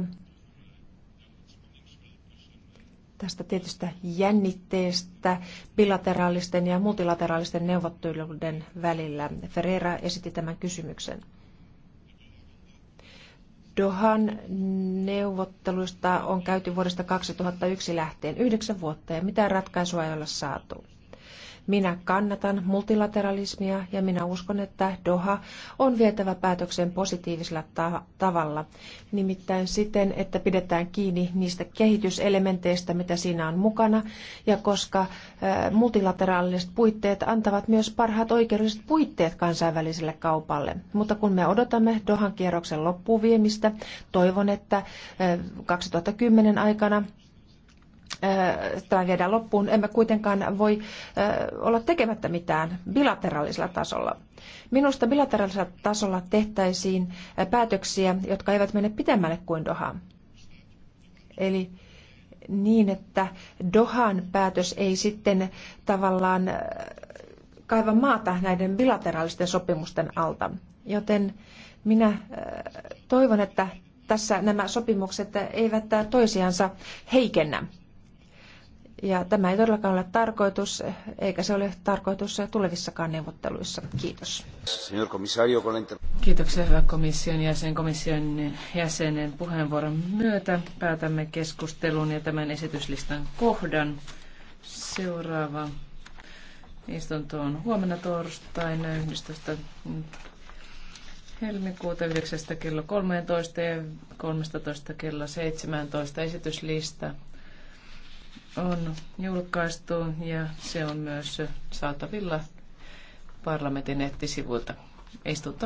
tästä tietystä jännitteestä bilateraalisten ja multilateraalisten neuvotteluiden välillä. Ferreira esitti tämän kysymyksen. Dohan neuvotteluista on käyty vuodesta 2001 lähtien yhdeksän vuotta ja mitään ratkaisua ei ole saatu. Minä kannatan multilateralismia ja minä uskon, että Doha on vietävä päätökseen positiivisella ta- tavalla. Nimittäin siten, että pidetään kiinni niistä kehityselementeistä, mitä siinä on mukana. Ja koska äh, multilateraaliset puitteet antavat myös parhaat oikeudelliset puitteet kansainväliselle kaupalle. Mutta kun me odotamme Dohan kierroksen loppuviemistä, toivon, että 2010 äh, aikana tämä viedään loppuun, emme kuitenkaan voi olla tekemättä mitään bilateraalisella tasolla. Minusta bilateraalisella tasolla tehtäisiin päätöksiä, jotka eivät mene pitemmälle kuin Dohaan. Eli niin, että Dohan päätös ei sitten tavallaan kaiva maata näiden bilateraalisten sopimusten alta. Joten minä toivon, että tässä nämä sopimukset eivät toisiansa heikennä. Ja tämä ei todellakaan ole tarkoitus, eikä se ole tarkoitus tulevissakaan neuvotteluissa. Kiitos. Kiitoksia hyvä komission jäsen. Komission jäsenen puheenvuoron myötä päätämme keskustelun ja tämän esityslistan kohdan. Seuraava istunto on huomenna torstaina 11 helmikuuta 9. kello 13 ja 13 kello 17 esityslista on julkaistu ja se on myös saatavilla parlamentin nettisivuilta. Istutta